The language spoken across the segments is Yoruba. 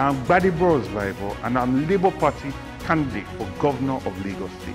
I'm Gbadebo Osvaivo oh, and I'm Labour Party candidate for Governor of Lagos State.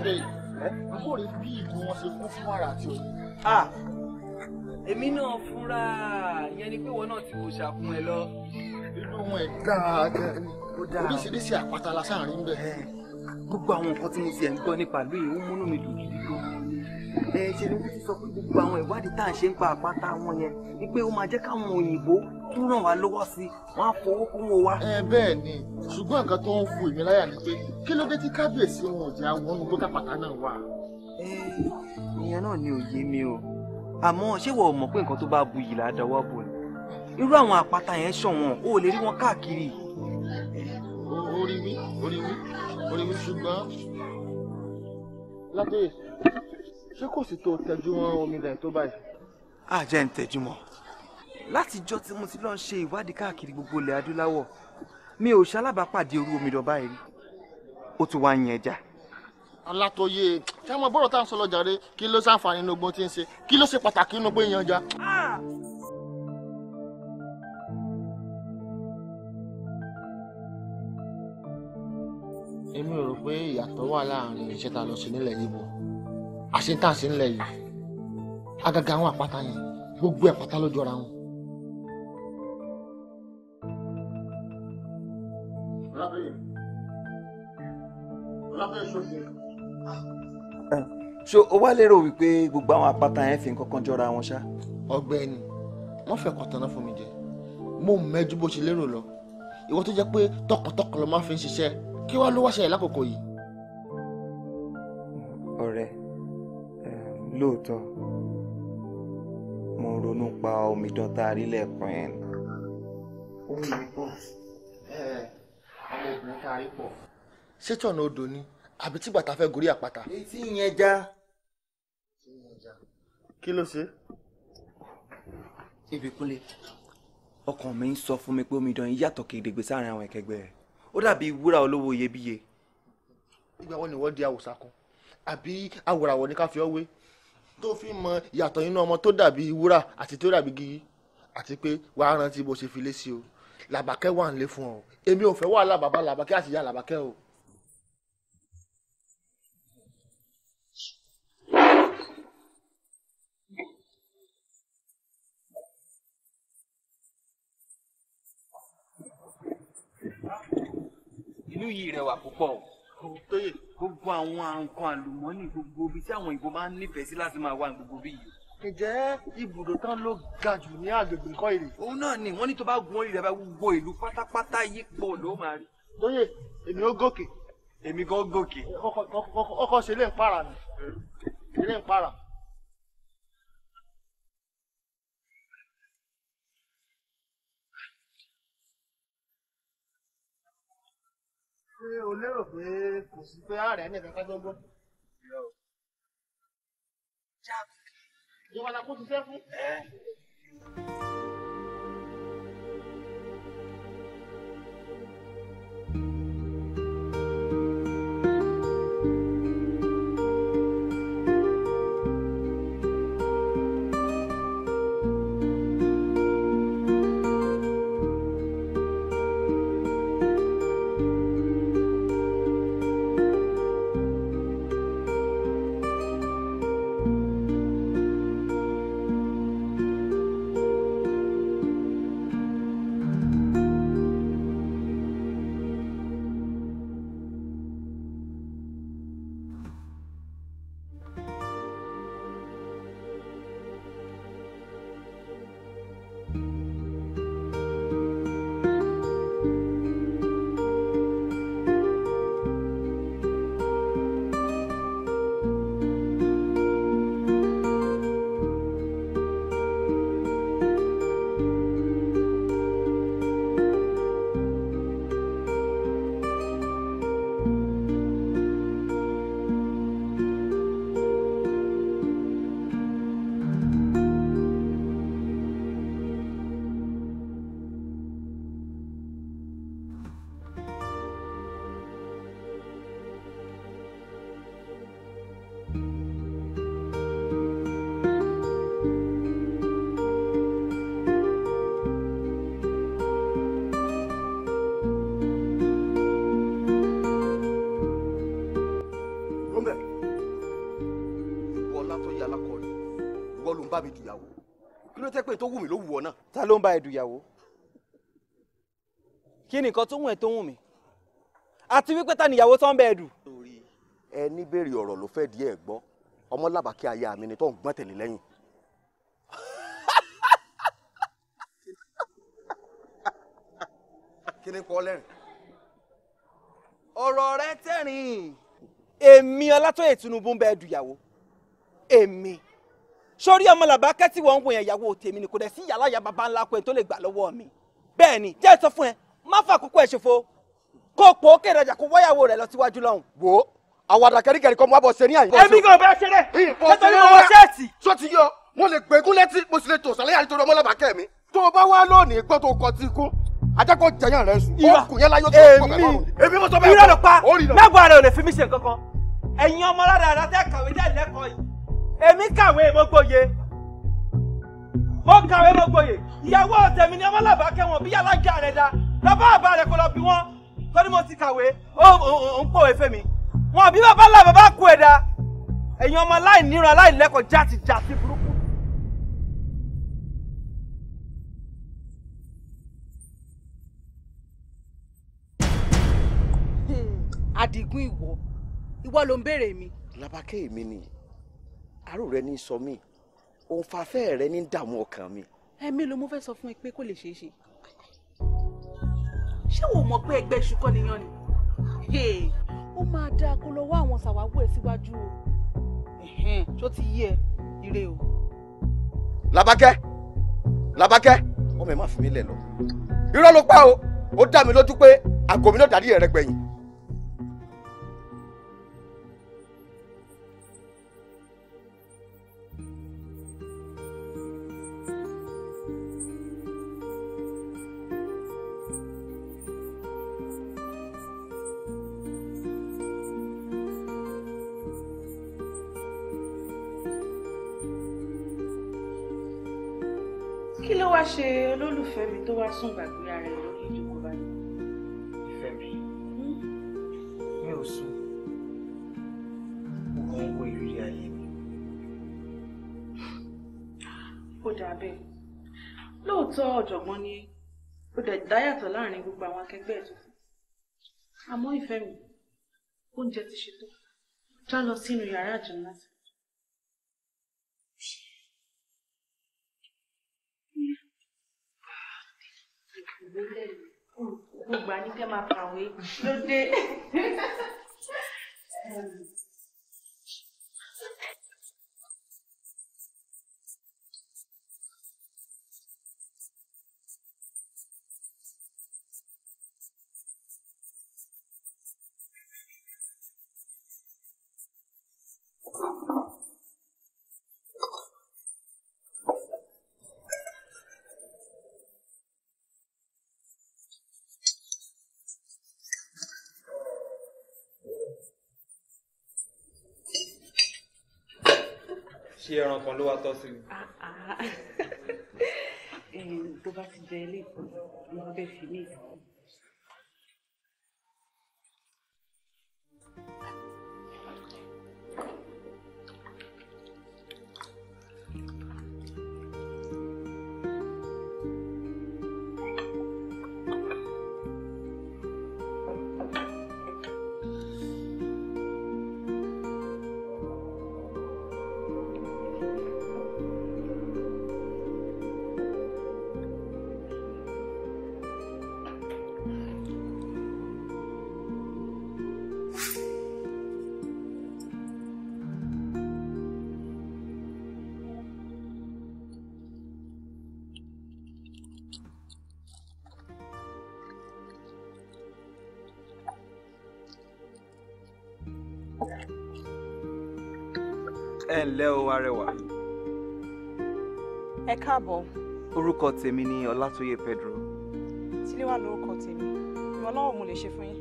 abẹ́ àkórè bí ìgò wọn ṣe kún fún wàrà àti oyin. èmi náà fúnra yẹn ni pé wọn náà ti wò ṣàkun ẹ lọ. inú wọn ẹ dáadáa oríṣiríṣi àpáta la sáà rí ń bẹ. gbogbo àwọn nǹkan tí mo ti ẹ̀ ń gbọ́ nípa ìlú yìí ó múnú mi dùn gidi gan ẹ ṣe ni wọ́n ti sọ pé gbogbo àwọn ìwádìí tá à ń ṣe ń pa àpáta wọn yẹn ni pé ó máa jẹ́ káwọn òyìnbó tún ràn wá lọ́wọ́ sí i wọ́n á fọwọ́ kún wọn wá. ẹ bẹ́ẹ̀ ni ṣùgbọ́n nǹkan tó ń fu èmi láyà ni pé kí ló dé tí kábíyèsí wọn ò jẹ́ àwọn ohun tó kápátá náà wà. ìyẹn náà ni òye mi o àmọ́ ṣé wọ́n mọ̀ pé nǹkan tó bá bu yìí ládàáwọ́ bò ni irú àwọn àpáta yẹn ṣọ̀wọ́n o ò lè rí wọn káàkiri. orí wí orí wí orí wí ṣùgbọ́n ládé ṣé kò sì tó tẹjú mọ́ omi dẹ̀ tó báyìí. àjẹ́ ń tẹjú mọ́ látijọ́ tí mo ti lọ́ọ́ ṣe ìwádìí káàkiri gbogbo ilẹ̀ adúláwọ̀ mi ò ṣalábàápàdé orú omi dọ̀bá yìí ó ti wá yẹn ẹja. alátoyè tí a mọ bọ́rọ̀ tá à ń sọ lọ́jà rẹ kí ló ṣàǹfààní inú ogun tí ń ṣe kí ló ṣe pàtàkì inú pé yan ẹja. èmi ò rò pé ìyàtọ̀ wà láàrin iṣẹ́ tá a lọ sí nílẹ̀ yìí bọ̀ àṣetàṣe nílẹ̀ yìí àgàgà àwọn àpáta yẹn gbogbo ẹ̀ pátá ló wọn. Ah. so o wá lérò wípé gbogbo àwọn apata yẹn fi nǹkan kan jọra wọn ṣá. ọ̀gbẹ́ni wọn fẹ́ kàn tanná fún mi jẹ mo mẹjú bó ṣe lérò lọ ìwọ tó jẹ pé tọkàntọkàn ló máa fi ń ṣiṣẹ́ kí wàá ló wá ṣẹlẹ̀ lákòókò yìí. ọ̀rẹ́ eh, lóòótọ́ mo ronú pa omidan tá a rí lẹ́ẹ̀kan yẹn. omi mi pọ̀ eh, ọmọbìnrin tá a rí pọ̀. ṣé tọ̀nà odò ni àbí tí bàtà fẹ́ gorí àpáta. etí yẹn já. kí ló ṣe. ìbíkúnlẹ̀ ọkàn mi ń sọ fún mi pé omidan yìí yàtọ̀ kedegbe sáàrin àwọn ẹ̀kẹgbẹ́ rẹ̀ ó dàbí wúrà olówó iyebíye. ìgbà wo ni wọ́n di àwòsàn kan àbí àwòràwọ̀ ní ká fi ọ́ wé tó fi mọ ìyàtọ̀ inú ọmọ tó dàbí wúrà àti tó dàbí gígí àti pé wàá rántí bó ṣe fi lé sí o làbàkẹ́ wà ń lé fún ọ èmi ò fẹ́ wà lábàbá làbàkẹ́ àti ìyá làbàkẹ́ o. ìlú yìí rẹwà púpọ̀ o. tóyè gbogbo àwọn nǹkan àlùmọ́nì gbogbo ibi tí àwọn ìbò máa ń nífẹ̀ẹ́ sí láti máa wá gbogbo bí yìí. ǹjẹ́ ibùdó tán ló ga jù ní agbègbè kọ́ èrè. òun náà ni wọ́n ní tó bá gun orí rẹ̀ bá gbogbo ìlú pátápátá yípo ló máa rí. tóyè èmi ó gòkè. èmi gan gòkè. ọkọ̀ ṣe lè ń para ni ṣe lè ń para. pé o lérò pé kò sí pé ààrẹ nìkan ká gbọ́ngbọ́. ìjọba la kó ti fẹ́ fún. bá mi dùyàwó kí ló tẹ́ pé tó wù mí ló wù ọ náà. ta ló ń bá ẹ dùyàwó kí ni nǹkan tó wù ẹ tó wù mí àti wípé ta nìyàwó tó ń bẹ ẹ dù. ẹ ní béèrè ọ̀rọ̀ ló fẹ́ di ẹ̀ gbọ́ ọmọ làbàkí aya mi ni tó ń gbọ́n tẹ̀lé lẹ́yìn. kí ni kọ́ lẹ́rìn. ọ̀rọ̀ rẹ tẹ̀rìn. èmi Ọlátọ́yè Tinubu ń bẹ ẹ dùyàwó èmi sórí ọmọ làbákẹ́ tí wọ́n ń wo yẹn ìyàwó tèmi ni kò dẹ̀ sí yàrá ya bàbá ńlá pẹ́ tó lè gbà lọ́wọ́ mi bẹ́ẹ̀ ni jẹ́ sọ fún ẹ má fà kókó ẹ̀ ṣòfò kó pò ó kéde ọjà kó wáyàwó rẹ̀ lọ síwájú lọ́hùn. wo àwọn àdàkẹ́ríkẹ́rí kan mú abọ́ sẹ́ni àyè. ẹbí kan bẹ́ẹ̀ ṣe dẹ́ nítorí owó ṣẹ́ẹ̀tì. sọ ti yọ mo lè gbẹ̀gún létí mo sì lè tò sàlẹ̀ yàrá nítorí ọmọ làbákẹ́ mi. tó o bá wá lónìí gbọ́ tó kọ ti kú ajakọ jẹyàn rẹ sùn. ìwà èmi èmi mo sọ bẹ́ẹ̀ kọ́ ìrọ̀lọ́pàá mẹ́gbàá rẹ̀ ò lè fi mí ṣe nǹkan kan ẹ̀yin ọmọ rárá rárá tẹ́ kàwé èmi kàwé mo gboyè mo kàwé mo gboyè ìyàwó tèmi ni ọmọlàbà kẹwọn bí alájà rẹ da lọ́bọ̀ àbá rẹ kò lọ bí wọ́n tọ́ni mo ti kàwé ó ń pòwé fẹ́mi wọn àbí bàbá làbà bá kú ẹ̀ da ẹ̀yin ọmọ aláìníran aláìlẹ́kọ̀ọ́ jáàtì jáàtì burúkú. Àdìgún hmm, ìwọ ìwọ ló ń béèrè mi. Làbákẹ́ èmi nìyí àárò rẹ ní sọ mí òǹfàfẹ́ rẹ ní dààmú ọkàn mi. ẹ mélòó mo fẹ́ sọ fún ẹ pé kò lè ṣeé ṣe. ṣé wo mọ̀ pé ẹgbẹ́ iṣu kọ́ niyàn ni. ó máa dáa kó lọ wá àwọn ṣàwáwò ẹ síwájú o. ṣó ti yí ẹ ire o. làbákẹ́ làbákẹ́ ọmọ ẹ má fi mí lẹ̀ lọ irọ́ ló pa o ó dá mi lójú pé àgọ́ mi náà dàdí ẹ̀rẹ́gbẹ̀yìn sùn gbàgbé ara ẹ̀ lórí ìjókòó báyìí. ìfẹ́ mi hmm. mi ò sùn mo kàn ń wo ìrírí ayé mi. ó dà bẹ́ẹ̀ lóòótọ́ ọ̀jọ̀gbọ́n ni ó dẹ̀ dáyàtọ̀ láàrin gbogbo àwọn akẹgbẹ́ ẹ̀ tó kù àmọ́ ìfẹ́ mi oúnjẹ ti ṣètò já lọ sínú yàrá àjùmọ̀ gbogbo àní kẹ́ máa kàwé lóde. Thank you. ṣé ẹran kan ló wá tọ́ sí mi. Ah, ah. eh, tó bá ti jẹ ilé ìfowópamọ́ bẹ́ẹ̀ fi ní ìfowópamọ́. ẹ ǹlẹ́ o arẹwà. ẹ káàbọ̀. orúkọ tèmi ni ọlátóyè pedro. tíléwà lórúkọ tèmi ìwọ náà mo lè ṣe fún yín.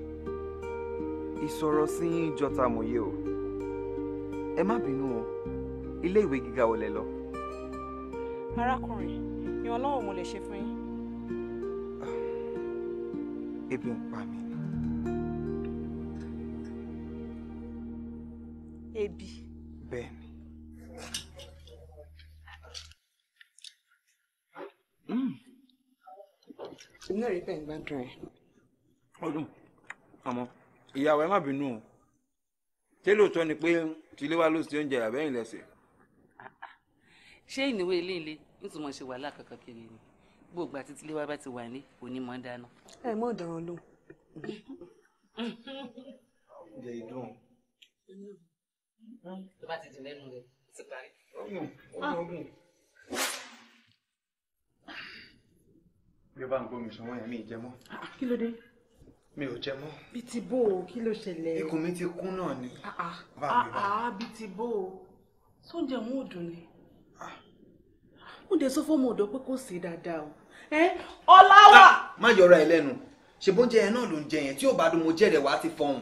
ìsọ̀rọ̀ sí yín jọta mòye o ẹ má bínú o ilé ìwé gíga ò lẹ lọ. arákùnrin ìwọ náà mo lè ṣe fún yín. ebi ń pa mi. dùn ẹ́. ó dùn àmọ́ ìyàwó ẹ má bínú o ṣé lóòótọ́ ni pé tilé wa ló ṣe oúnjẹ àbẹ́yìn lẹ́sẹ̀. ṣé ìnáwó ilé ilé nítorí mo ṣe wàhálà kankan kiri ni gbogbo àti tilé wa bá ti wà ní onímọ̀ dáná. ẹ mọ̀ dán lóhùn. oúnjẹ ìdùn. tó bá ti dì lẹ́nu rẹ̀ ti parí. ó gùn ó bí o bá ń gbómi sanwó yẹn mi ì jẹ mọ́. Ah, kí ló dé. mi ò jẹ mọ́. bí ti bó o kí ló ṣẹlẹ̀. ikùn mi ti kún náà ni. Ah, ah, bá mi bá. bí ti bó o sóúnjẹ òun ò dùn ni. mo dé sọ pé kò sí dáadáa o. ọlá wà. má yọra ẹ lẹ́nu ṣèbóúnjẹ yẹn náà ló ń jẹ yẹn tí ò bá dùn mo jẹ́rẹ̀ wá ti fọhùn.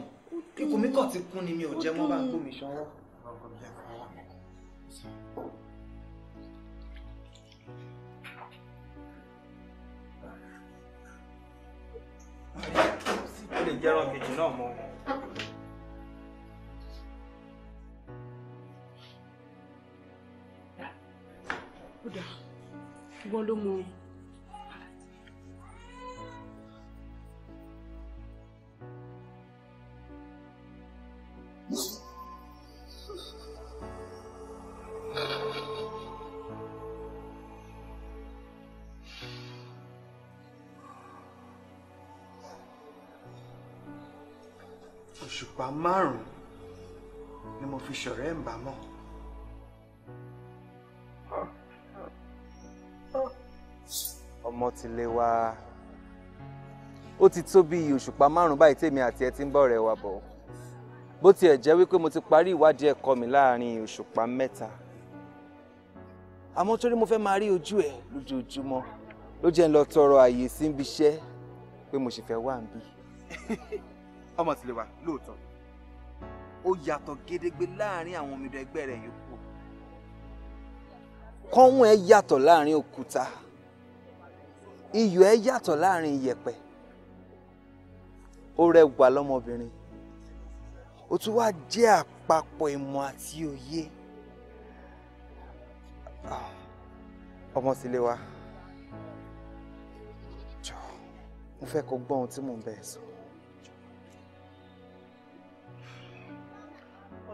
ikùn mi kàn ti kún ni mi ò jẹ mọ́ bá ń gbómi sanwó. lè jẹ́rán kejì náà mọ́. ó dáa wọ́n ló mú mi. ọ̀pá márùn-ún ni mo fi ṣọ̀rẹ́ ẹ̀ ń bá mọ́. ọmọ ti lé wa ó ti tó bí òṣùpá márùn-ún báyìí tèmi àti ẹ ti ń bọ̀ rẹ̀ wa bọ̀ bó tiẹ̀ jẹ́ wípé mo ti parí ìwádìí ẹ̀kọ́ mi láàrin òṣùpá mẹ́ta àmọ́ torí mo fẹ́ máa rí ojú ẹ̀ lójoojúmọ́ ló jẹ́ ń lọ tọrọ àyè sí iṣẹ́ pé mo sì fẹ́ wà ń bí. ọmọ tìlẹ̀ wà lóòótọ́ ó yàtọ̀ gedegbe láàrin àwọn omidan ẹgbẹ́ rẹ̀ yòókù kọ́wọ́n ẹ yàtọ̀ láàrin òkúta iyọ̀ ẹ yàtọ̀ láàrin iyẹ̀pẹ̀ ó rẹwà lọ́mọbìnrin ó tún wá jẹ́ àpapọ̀ ìmọ̀ àti òye ah, ọmọ sílé wa jọ mo fẹ́ kó gbọ́ ohun tí mò ń bẹ̀ sọ.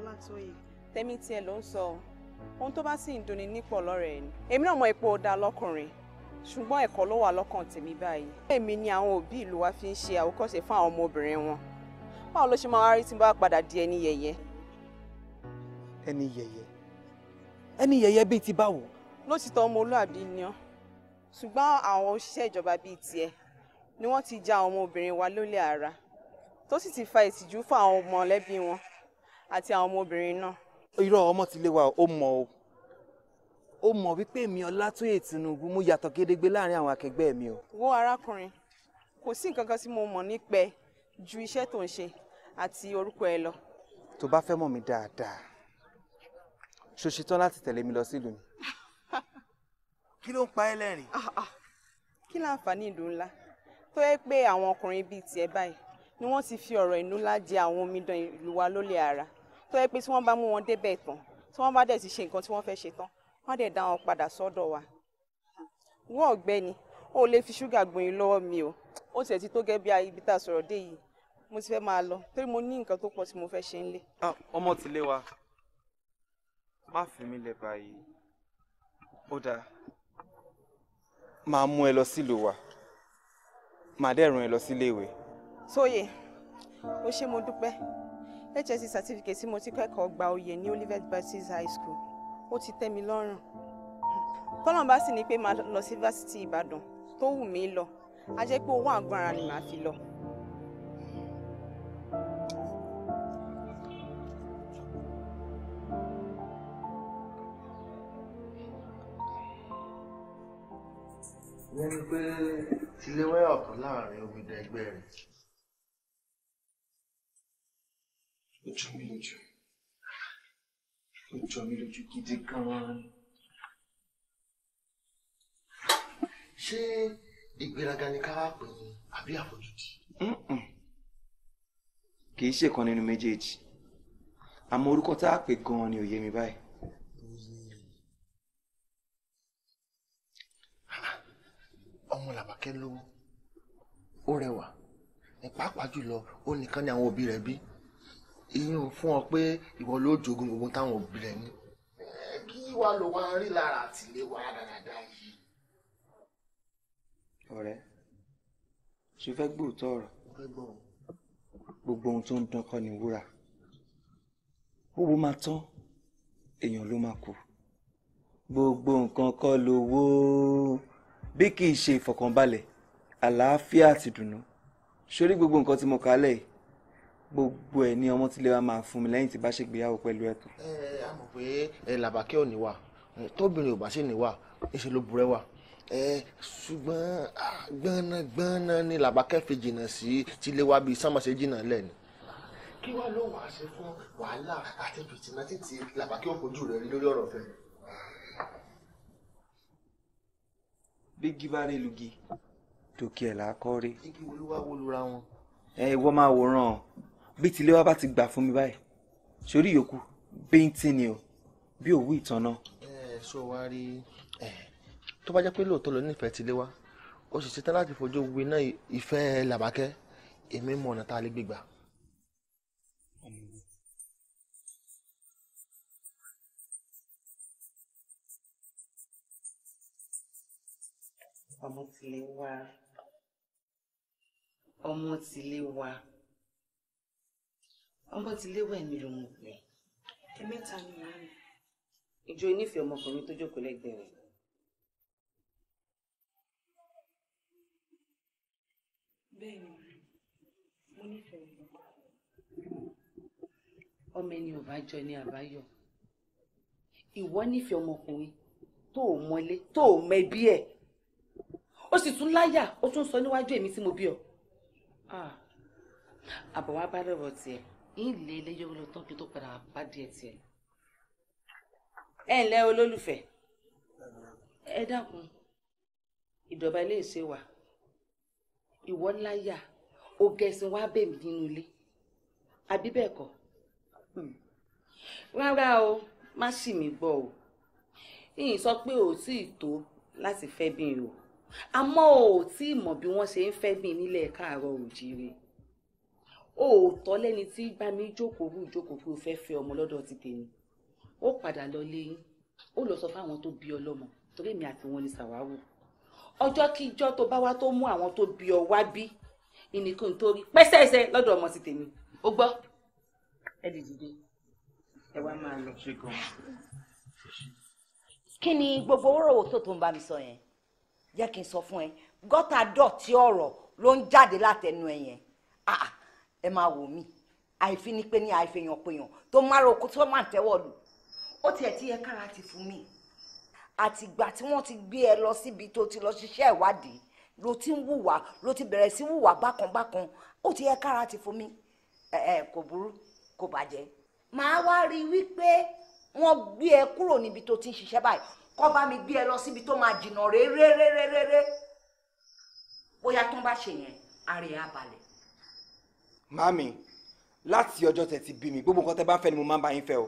Ọlátòyè. tẹ́mi tiẹ̀ ló ń sọ ohun tó bá sì ń dùnni nípò lọ́rẹ̀ ẹ̀ ni èmi náà mọ epo ọ̀dà lọ́kùnrin ṣùgbọ́n ẹ̀kọ́ ló wà lọ́kàn tèmi báyìí. èmi ni àwọn òbí ìlú wa fi ń ṣe àwòkọ́ṣe fún àwọn ọmọbìnrin wọn báwo ló ṣe máa wá rí tí n bá padà di ẹni yẹ̀yẹ́. ẹni yẹ̀yẹ́ ẹni yẹ̀yẹ́ bíi ti báwo. lótìtọ́ ọmọlúàbí ni ọ́ ṣùgbọ́n àwọn òṣìṣẹ́ ìjọba bíi tiẹ̀ ni wọ́n ti ja àwọn ọmọbìnrin wa lólè ara tó sì ti fa ìtìjú fún àwọn mọ̀lẹ́bí wọn àti àwọn ọmọbìnrin náà. irọ́ ọmọ ti lé wa ó mọ̀ o ó mọ̀ wípé èmi Ọlátóyè Tinubu mo yàtọ̀ gédégbé láàrin àwọn akẹgbẹ́ mi o. wo arákùnrin kò sí nǹkan kan tí mo mọ̀ nípa ẹ ju iṣẹ́ tó ń ṣe àti orúkọ ẹ lọ. tó bá fẹ́ mọ̀ mí dáadáa ṣòṣì tán láti tẹ̀lé mi lọ sílùú mi. kí ló ń pa ẹ́ lẹ́rìn. Ah, ah. kí láǹfààní ìlú ńlá tó yẹ pé àwọn ọkùnrin bíi tiẹ̀ báyìí ni wọ́n ti fi ọ̀rọ̀ ìnú ńlá di àwọn omidan ìlú wa lólè ara tó yẹ pé tí wọ́n bá mú wọn débẹ̀ tán tí wọ́n bá dẹ̀ ti ṣe nǹkan tí wọ́n fẹ́ ṣe tán wọ́n dẹ̀ dá wọn padà sọ́dọ̀ wa. wọ́n ọ̀gbẹ́ni ó lè fi ṣúgà gbọ̀n yín lọ́wọ́ mi o ó tiẹ̀ ti tó gẹ́ bí ibi tá a sọ̀rọ̀ dé yìí mo ti fẹ́ máa lọ torí mo ní nǹkan tó pọ̀ tí mo fẹ́ ṣe nílé. ọmọ ti lé wa má fi mí lẹ̀ báyìí ó dáa máa mú ẹ lọ sílùú wa màá dẹ̀ ẹ lọ síléèwé. sóye ó ṣé mo dúpẹ́. HSC certificate tí mo ti kẹ́kọ̀ọ́ gba oyè ní Olivet Baptist High School ó ti tẹ́ mi lọ́rùn tọ́lọ́n bá sì ní pé máa lọ sí fásitì Ìbàdàn tó wù mí lọ a jẹ́ pé owó àgọ́ ara ni màá fi lọ. wọ́n ní pé tiléwẹ́ ọ̀kan láàrin obìnrin ẹgbẹ́ rẹ̀. ó jọ mí lójú ó jọ mí lójú gidi gan-an ni. ṣé ìgbéraga ni ká wá pè ní àbí àfojúdi. kì í ṣèkan nínú méjèèjì àmọ́ orúkọ tá a pè gan-an ni ò yé mi báyìí. ọmọ làbàkẹ́ lówó ó rẹwà ní pàápàá jùlọ ó nìkan ni àwọn òbí rẹ̀ bí ìyẹn ò fún ọ pé ìwọ ló jogún gbogbo táwọn òbí rẹ ní. kí wàá lọ wá rí lára àtìlé wa dáadáa yìí. ọ̀rẹ́ ṣe fẹ́ gbòòtọ́ ọ̀rọ̀ gbogbo ohun tó ń dán kọ́ ni wúrà owó máa tán èèyàn ló máa kú gbogbo nǹkan kọ́ lówó bí kì í ṣe ìfọ̀kànbalẹ̀ àlàáfíà àti dùnú sórí gbogbo nǹkan tí mo kà á lẹ́yìn gbogbo ẹ̀ ni ọmọ tí lè wa máa fún mi lẹ́yìn tí bá ṣègbéyàwó pẹ̀lú ẹ̀ tó. ẹ ẹ a mọ̀ pé ẹ làbàkẹ́ ò ní wà tóbìnrin ò bá sì ní wà níṣẹ́ ló burẹ́ wà ẹ ṣùgbọ́n gbọ́nàgbọ́nà ni làbàkẹ́ fi jìnnà sí tí lè wa bíi sánmọ̀ṣẹ́ jìnnà lẹ́nu. kí wàá ló wàá ṣe fún wàhálà àti fìtínà títí làbàkẹ́ òkojú rẹ̀ lórí ọ̀rọ̀ fẹ́. bí gíbárẹ̀ lugi tòkí ẹ̀ làákọ́ rí. igi olúwa wo lura wọn. ẹ ìwọ máa wòran bí tilé wa bá ti gbà fún mi báyìí sórí yòókù bíntín ni o bí òwú ìtanná. ẹ ẹ sọ wa rí ẹ tó bá jẹ́ pé lóòótọ́ ló nífẹ̀ẹ́ tilé wa ó sì ṣetán láti fojú winá ìfẹ́ làbákẹ́ èmi mọ̀ ọ̀nà tá a lè gbégbà. ọmọ tilé wa ọmọ tilé wa ọmọ ti léwọ ẹ̀mí lọmọkùnrin. ẹ̀mẹ́ta ni ìyá mi. ìjọ onífẹ̀ẹ́ ọmọkùnrin tó jókòó lẹ́gbẹ̀ẹ́ rẹ̀. bẹ́ẹ̀ni mo nífẹ̀ẹ́ rẹ̀. ọmọ ẹni ò bá jọ ni àbáyọ ìwọ nífẹ̀ẹ́ ọmọkùnrin tó o mọlé tó o mẹbí ẹ̀ o sì tún láyà ó tún sọ níwájú èmi tí mo bí ọ ah, àbọ̀ wá bá lọ́rọ̀ tiẹ̀ ilé iléyọ lọ tán kí tó padà bá díẹ̀ tiẹ̀. ẹ ǹlẹ́ olólùfẹ́ ẹ dákun ìdọ̀bà ilé ìṣe wa ìwọ láyà ó gẹ̀ẹ́sìn wá bèmí nínú ilé àbí bẹ́ẹ̀ kọ́ hmm. rárá o má sì mí gbọ́ o yìnyín sọ pé ò tí ì tó láti fẹ́ bí o àmọ́ ò tí ì mọ̀ bí wọ́n ṣe ń fẹ́ bí nílẹ̀ káàárọ̀ oòjíire o ò tọ́ lẹ́ni tí bá mi jókòó rú ìjókòó pé o fẹ́ fẹ́ ọmọ lọ́dọ̀ ti tèmi ó padà lọ léyìn ó lọ sọ fáwọn tó bí ọlọ́mọ torí èmi àti wọn ni ṣàwáwò ọjọ́ kíjọ́ tó bá wá tó mú àwọn tó bí ọ wá bí ìnìkan tó rí pẹ́sẹ́ẹsẹ lọ́dọ̀ ọmọ ti tèmi ó gbọ́ ẹ dìde ẹ wá máa lọ. kí ni gbogbo wọ́rọ̀wọ́ tó tó ń bá mi sọ yẹn jẹ́ kí n sọ fún ẹ gọ́tà dọ̀tí ọ̀rọ̀ ló ń jáde látẹnu ẹ ah, ah ẹ máa wò mí àìfi ni pé ní àìfihàn péyàn tó máa roko tó máa tẹ́wọ́ lù ó tiẹ̀ tí ẹ kára ti fún mi àtìgbà tí wọ́n ti gbé ẹ lọ síbi tó ti lọ ṣiṣẹ́ ìwádìí ló ti ń wùwà ló ti bẹ̀rẹ̀ sí wùwà bákanbákan ó ti ẹ kára ti fún mi ẹ ẹ kò burú kò bàjẹ́ màá wá rí i wípé wọ́n gbé ẹ kúrò níbi tó ti ń ṣiṣẹ́ báyìí kó bá mi gbé ẹ lọ síbi tó máa jìnnà réréréréréré mami láti ọjọ́ tẹ ti bí mi gbogbo nǹkan tẹ bá fẹ́ ni mo máa ń bá yín fẹ́ o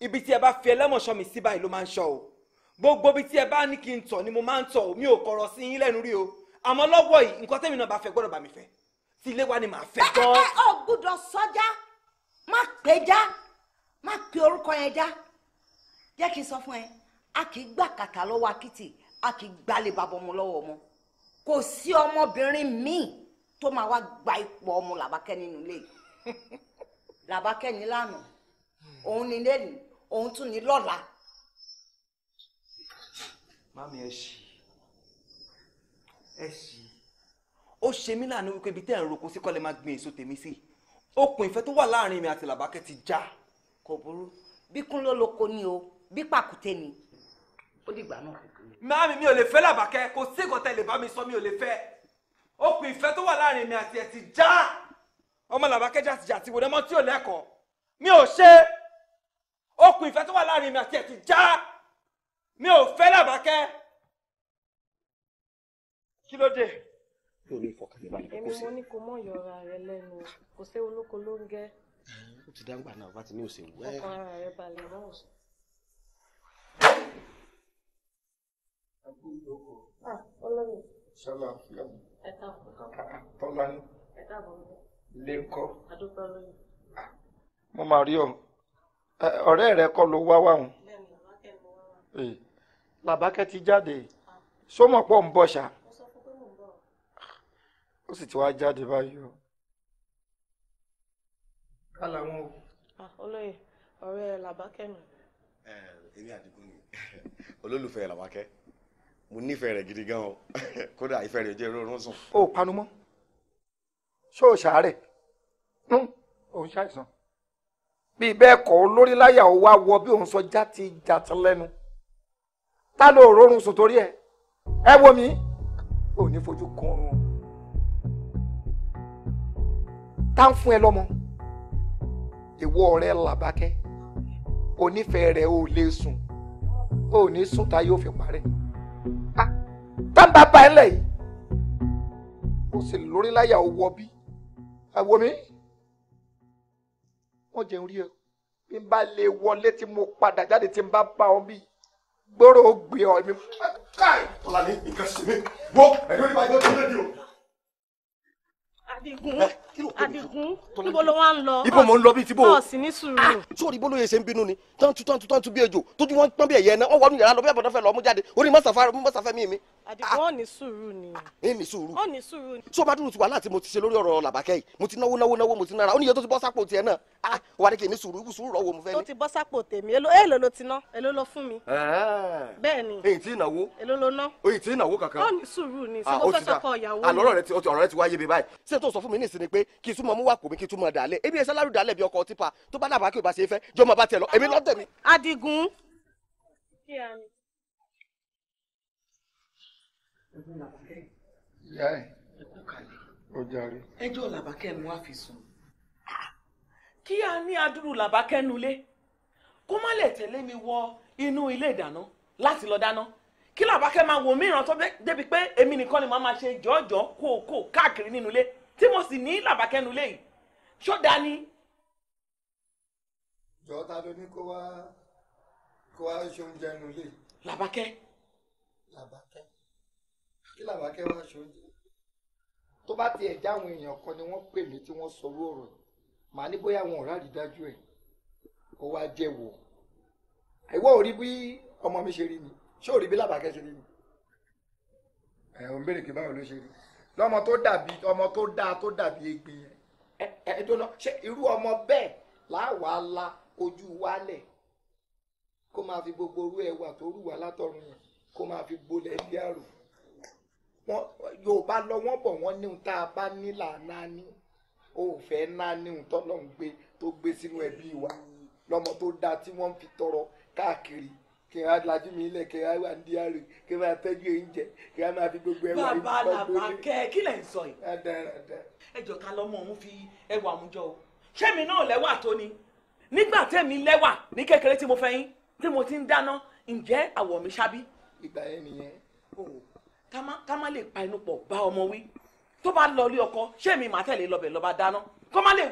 ibi tí ẹ bá fi ẹlẹ́mọ̀ṣọ́ mi sí báyìí ló máa ń ṣọ́ o gbogbo ibi tí ẹ bá ní kí n tọ̀ ni mo máa ń tọ̀ mi ò kọ̀rọ̀ sí yín lẹ́nu rí o àmọ́ lọ́wọ́ yìí nǹkan tẹ́mi náà bá fẹ́ gbọ́dọ̀ bá mi fẹ́ tí ilé wa ni màá fẹ́ gan. ẹ ẹ ọ gbọ́dọ̀ sọjá má pè já má pè orúkọ yẹn já jẹ́ kí n sọ fún ẹ a kì í gbà kàtà lọ́wọ́ akitì a kì í gbalè bàbá ọmọ lọ́wọ́ ọmọ kò sí ọmọbìnrin míì tó máa wá gba ipò ọmọ làbákẹ́ nínú ilé làbákẹ́ ní lánàá òun ní lẹ́nu òun tún ní lọ́la. mami ẹ ṣì ẹ ṣì ó ṣe mí láàánú wípé ibi tẹ́ ẹ̀ ń roko sí kọ́lẹ́ máa gbin èso tèmi sí okùn ìfẹ́ tó wà láàrin mi àti làbákẹ́ ti já. kò burú bí kún ló loko ni o bí pàkúté ni ó dìgbà náà. mami mi ò lè fẹ́ làbákẹ́ kò sí ìkọ̀tẹ́ lè bá mi sọ mi ò lè fẹ́ okùn ìfẹ́ tó wà láàrin mi àti ẹ̀ ti já ọmọ làbákẹ́ jàtìjà ti wò lẹ́mọ́ tí ò lẹ́kọ̀ọ́ mi ò ṣe okùn ìfẹ́ tó wà láàrin mi àti ẹ̀ ti já mi ò fẹ́ làbákẹ́ kí ló dé. èmi mo ní kó mọ ìyọra rẹ lẹ́nu kò séwu lóko ló ń gẹ́. ó ti dáńgbà náà bá ti ní òsè wẹ́ẹ́. ọkàn ara rẹ balẹ̀ náà. Ah, olórí tọ́lá ní ilé ńkọ́ mo máa rí ọ ọ̀rẹ́ rẹ kọ́ ló wá wá òun làbákẹ́ ti jáde sómọ̀ pọ̀ ń bọ̀ ṣá ó sì ti wá jáde báyìí o. ká làwọn o. olóyè ọ̀rẹ́ làbákẹ́ nù. èmi àdìgún ni olólùfẹ́ làbákẹ́ mo nífẹ̀ẹ́ rẹ̀ gidi gan o kódà ìfẹ́ rẹ̀ jẹ́ rọrùn sùn. o panu mọ́ ṣó o ṣàárẹ̀ o ń ṣàìsàn bí bẹ́ẹ̀ kọ́ lórí láyà ó wá wọ bí òun sọ jáde jàtí lẹ́nu ta ló rọrùn sùn torí ẹ ẹ wo mi ò ní fojú kan ọrùn tá ń fún ẹ lọ́mọ ìwọ ọ̀rẹ́ làbákẹ́ onífẹ̀ẹ́ rẹ̀ ò lè sùn ò ní sùn tá yóò fi parẹ́ táǹbà bá ẹ lẹ̀ yìí ó sì lórí láyà owó ọbí àwọ̀ mi wọ́n jẹun rí ẹ bí n bá lè wọlé tí mo padà jáde tí n bá bá ọ bí gbòòrò gbé ọ mi. káì ọ̀làní nǹkan ṣe mí wọ́n ẹ̀yọ́ nípa ìjọba ìjọba ìjọba. Adigun eh, Adigun níbo ló wá ń lọ. ibo mo ń lọ bí ti bò. ọ̀sì ní ah, sùúrù. sórí bó ló yẹ ṣe ń bínú ni tọ́ntún tọ́ntún tọ́ntún bí ejò tójú wọn pọ́n bí ẹ̀yẹ náà wọ́n wọnú yàrá lọ bí àbọ̀dá fẹ́ lọ mú jáde orí mọ́sàfẹ́ mi mi. Adigun ó ah. ní sùúrù ni. Ah, ẹ ní sùúrù. ó ní sùúrù ni. sọ ma dúró ti wà láti mo ti ṣe lórí ọ̀rọ̀ làbàkẹ́ yìí mo ti náwó náwó náwó mo ti nára ó ní iye tó ti bọ́ sápò tiẹ̀ náà wà ní kì í ní sùúrù ibù sùúrù rọ̀wọ́ mo fẹ́ ni. ó ti bọ́ sápò tèmi èlò èlò ló ti ná tó sọ fún mi nísìnyí pé kí túmọ̀ mú wà kò mí kí túmọ̀ dàlẹ́ ebi ẹsẹ̀ lárú dàlẹ́ bí ọkọ̀ tipa tó bá dàbà kí o bá ṣe é fẹ́ jọ máa bá tiẹ̀ lọ èmi lọ́ tẹ̀mí. Adigun. ìyá ẹ ó jàre. ẹjọ́ làbákẹ́ mu wá fi sùn. kí a ní adúrú làbákẹ́ nulẹ̀ kó má lè tẹ̀lé mi wọ inú ilé ìdáná láti lọ dáná kí làbákẹ́ máa wò mí ìrántọ́ débi pé èmi nìkan ni màá máa ṣe jọ́jọ́ kó o kó o káàkiri nínú ilé tí mo sì ní làbákẹ́nu lẹ́yìn ṣó dání. jọ́ta ló ní kó wá kó wá ṣe oúnjẹ nu lé. làbákẹ́. làbákẹ́ kí làbákẹ́ wá ṣe oúnjẹ tó bá tiẹ̀ já àwọn èèyàn kan ni wọ́n pè mí tí wọ́n sọ owó ọ̀rọ̀ màá ní bóyá wọn ò ráàlì dájú ẹ̀ kó wá jẹ́ wò ìwọ ò rí bí ọmọ mi ṣe rí ni ṣé rí bí làbákẹ́ ṣe rí ni ẹ̀ ò ń béèrè pé báwo ló ṣe rí lọ́mọ tó dàbí ọmọ tó Dá tó dàbí egbin yẹn ẹ ẹ dọ́nà ṣé irú ọmọ bẹ́ẹ̀ láwàá la ojú wálẹ̀ kó máa fi gbogbo orú ẹwà tó rù wá látọ̀run yẹn kó máa fi gbolẹ̀ bí àrò yorùbá lọ wọ́n bọ̀ wọ́n níhun tá a bá ní làánà ní òun fẹ́ ná níhun tọ́lọ́hún gbé tó gbé sínú ẹbí wa lọ́mọ tó dáa tí wọ́n fi tọrọ káàkiri kí wàá lajú mi lẹ kí wàá wà ní àrè kí wàá tẹjú èyí jẹ kí wàá máa fi gbogbo ẹwà yìí bá gbogbo bàbá làbàkẹ́ kí lẹ ń sọ yìí. ẹjọ ta lọmọ òun fi ẹwà òun jọ o ṣémi náà lẹ́wà tó ni nígbà tẹ̀mí lẹ́wà ní kékeré tí mo fẹ́ yín tí mo ti ń dáná ǹjẹ́ àwọ̀ mi ṣábí. ìgbà yẹn nìyẹn. ká má lè pa inú pọ̀ bá ọmọ wí tó bá lọ ilé ọkọ ṣémi má lè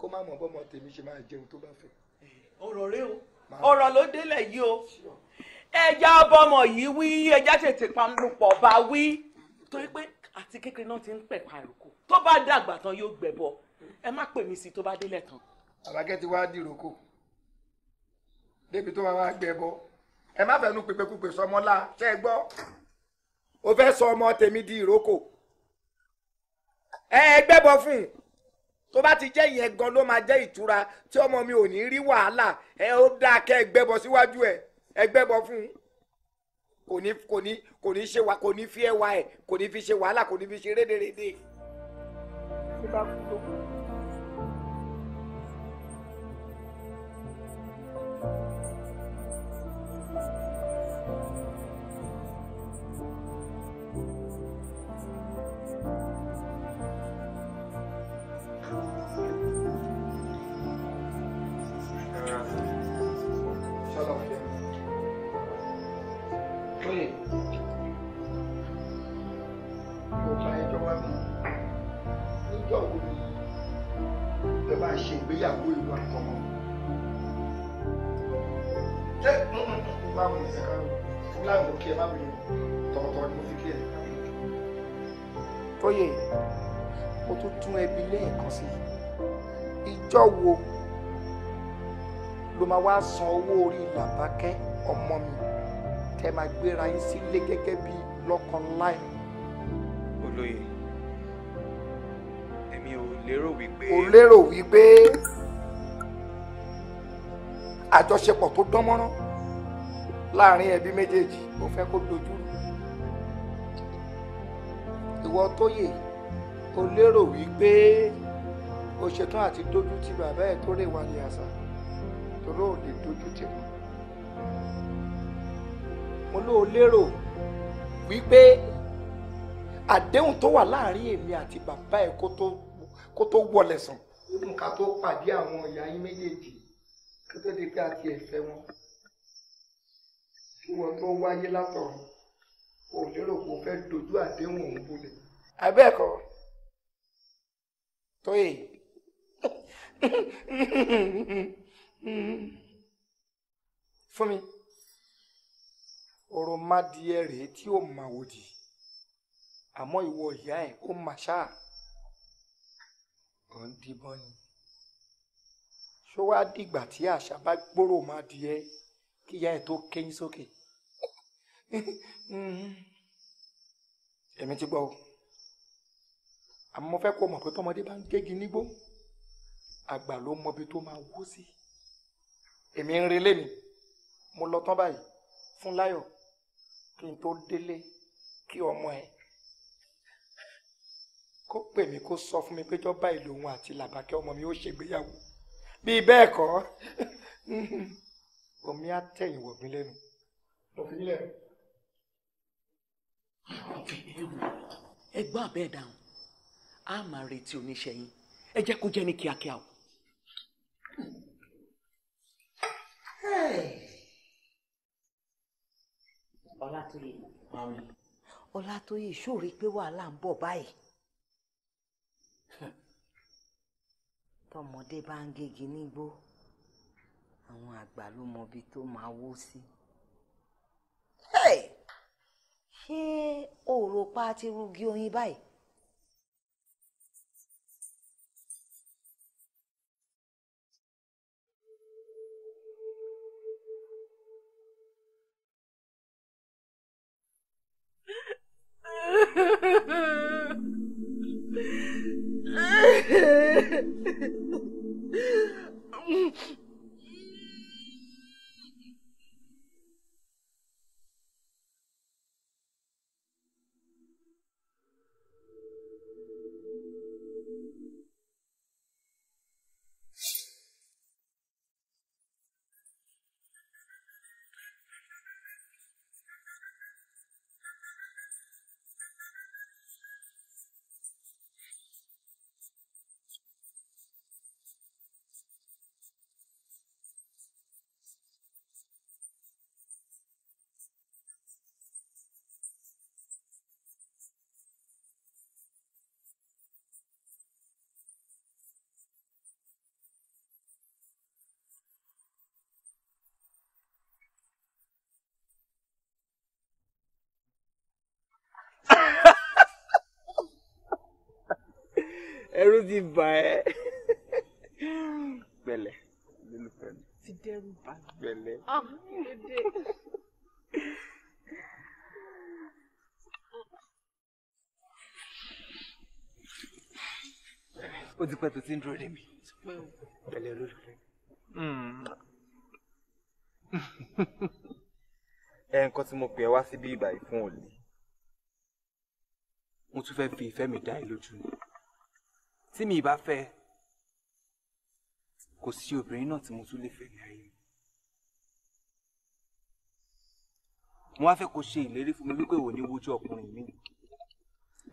kó má mọ̀ bọ́mọ tèmi ṣe máa jẹun tó bá fẹ́. ọ̀rọ̀ rẹ o ọ̀rọ̀ ló délẹ̀ yìí o ẹja ọbọmọ yìí wí ẹja tètè panupọ̀ bá wí torí pé àti kékeré náà ti ń pẹ̀ pàrọ̀kọ tó bá dàgbà tán yóò gbẹ̀bọ ẹ má pè mí sí tó bá délẹ̀ tán. àbákẹ́ ti wá dìrókò débi tó máa wá gbẹ̀bọ ẹ má fẹnu pèpèkúpè sọmọlá ṣe é gbọ́ o fẹ́ sọ ọmọ tèmi di ìrókò ẹ gbẹ́bọ fún un tó bá ti jẹ́ yẹn gan ló máa jẹ́ ìtura tí ọmọ mi ò ní rí wàhálà ẹ ó dáa kẹ́ ẹ gbẹ́bọ síwájú ẹ ẹ gbẹ́bọ fún un kò ní kò ní kò ní ṣe wà kò ní fi ẹwà ẹ kò ní fi ṣe wàhálà kò ní fi ṣe rédèrèdè. ṣé bá kú lóko. ṣé fúlàmù nìyẹn kan fúlàmù òkè ẹ má mi tọ̀tọ̀ ni mo fi kí ẹ. tóyè o tún tún ẹbí lẹ́ẹ̀kan sí ìjọ wo ló máa wá san owó orí làbákẹ́ ọmọ mi tẹ́ máa gbéra yín sílé gẹ́gẹ́ bí lọ́kàn láì. olóyè èmi ò lérò wípé. ò lérò wípé àjọṣepọ̀ tó dán mọ́rán láàrin ẹbí méjèèjì ó fẹ́ kó dojú rú ìwọ tó yè o lérò wípé o ṣetán àti dojú ti bàbá ẹ tó rèwà ní àṣà torí ò lè dojú tì mí mo ló lérò wípé àdéhùn tó wà láàrin èmi àti bàbá ẹ kó tó wọlé sàn. nǹkan tó pàdé àwọn ìyá yín méjèèjì kó tó di pé a ti ẹ̀fẹ́ wọn kí wọn tó wáyé látọ̀run òun lérò pé ó fẹ́ dojú àdéhùn òun bolẹ̀. abẹ́ẹ̀kọ́ tóyè fún mi ọ̀rọ̀ má di ẹ rèé tí ó mà òdì àmọ́ ìwọ ìyá ẹ̀ ó mà ṣáà ò ń díbọ́n ni ṣó wá dìgbà tí àṣà bá gbòòrò má díẹ̀ kí ìyá ẹ̀ tó kéyín sókè hmm. èmi ti gbọ́ o àmọ́ mo fẹ́ kó mọ̀ pé tọmọdé bá ń gégi nígbó àgbà ló mọbi tó máa wó sí èmi ń relé mi mo lọ tán báyìí fún láyọ̀ kí n tó délé kí ọmọ ẹ kó pè mí kó sọ fún mi péjọ báyìí lòun àti làbákẹ́ ọmọ mi ó ṣègbéyàwó bí bẹ́ẹ̀ kọ́ omi á tẹ̀yìn wọ̀ mí lẹ́nu. ẹgbọ́n àbẹ́ dáhùn a máa retí oníṣẹ́ yín ẹ jẹ́ kó jẹ́ ní kíákíá o. Ọlátúyè Ọlátúyè ṣó rí i pé wàhálà ń bọ̀ báyìí. tọmọdé bá ń gégi nígbó àwọn àgbà ló mọ ibi tó máa wó sí. ṣé òòrò pa ti rugi oyin báyìí ẹ̀rù ti bà ẹ́ pẹ̀lẹ́ lólùfẹ́ mi. ti dẹ́rù bà mí. pẹ̀lẹ́. Ah, ó ti pẹ́ tó ti ń dúró dè mí. pẹ̀lẹ́ olólùfẹ́. ẹ nǹkan tí mo pè ẹ́ wá síbí ìbàyí fún òní mo tún fẹ́ fi ìfẹ́ mi dá ẹ lójú ni tí mi ìbá fẹ́ kò sí obìnrin náà tí mo tún lè fẹ́ ní ayé mi. mo wá fẹ́ kó ṣe ìlérí fún mi wípé wò ní wojú ọkùnrin mi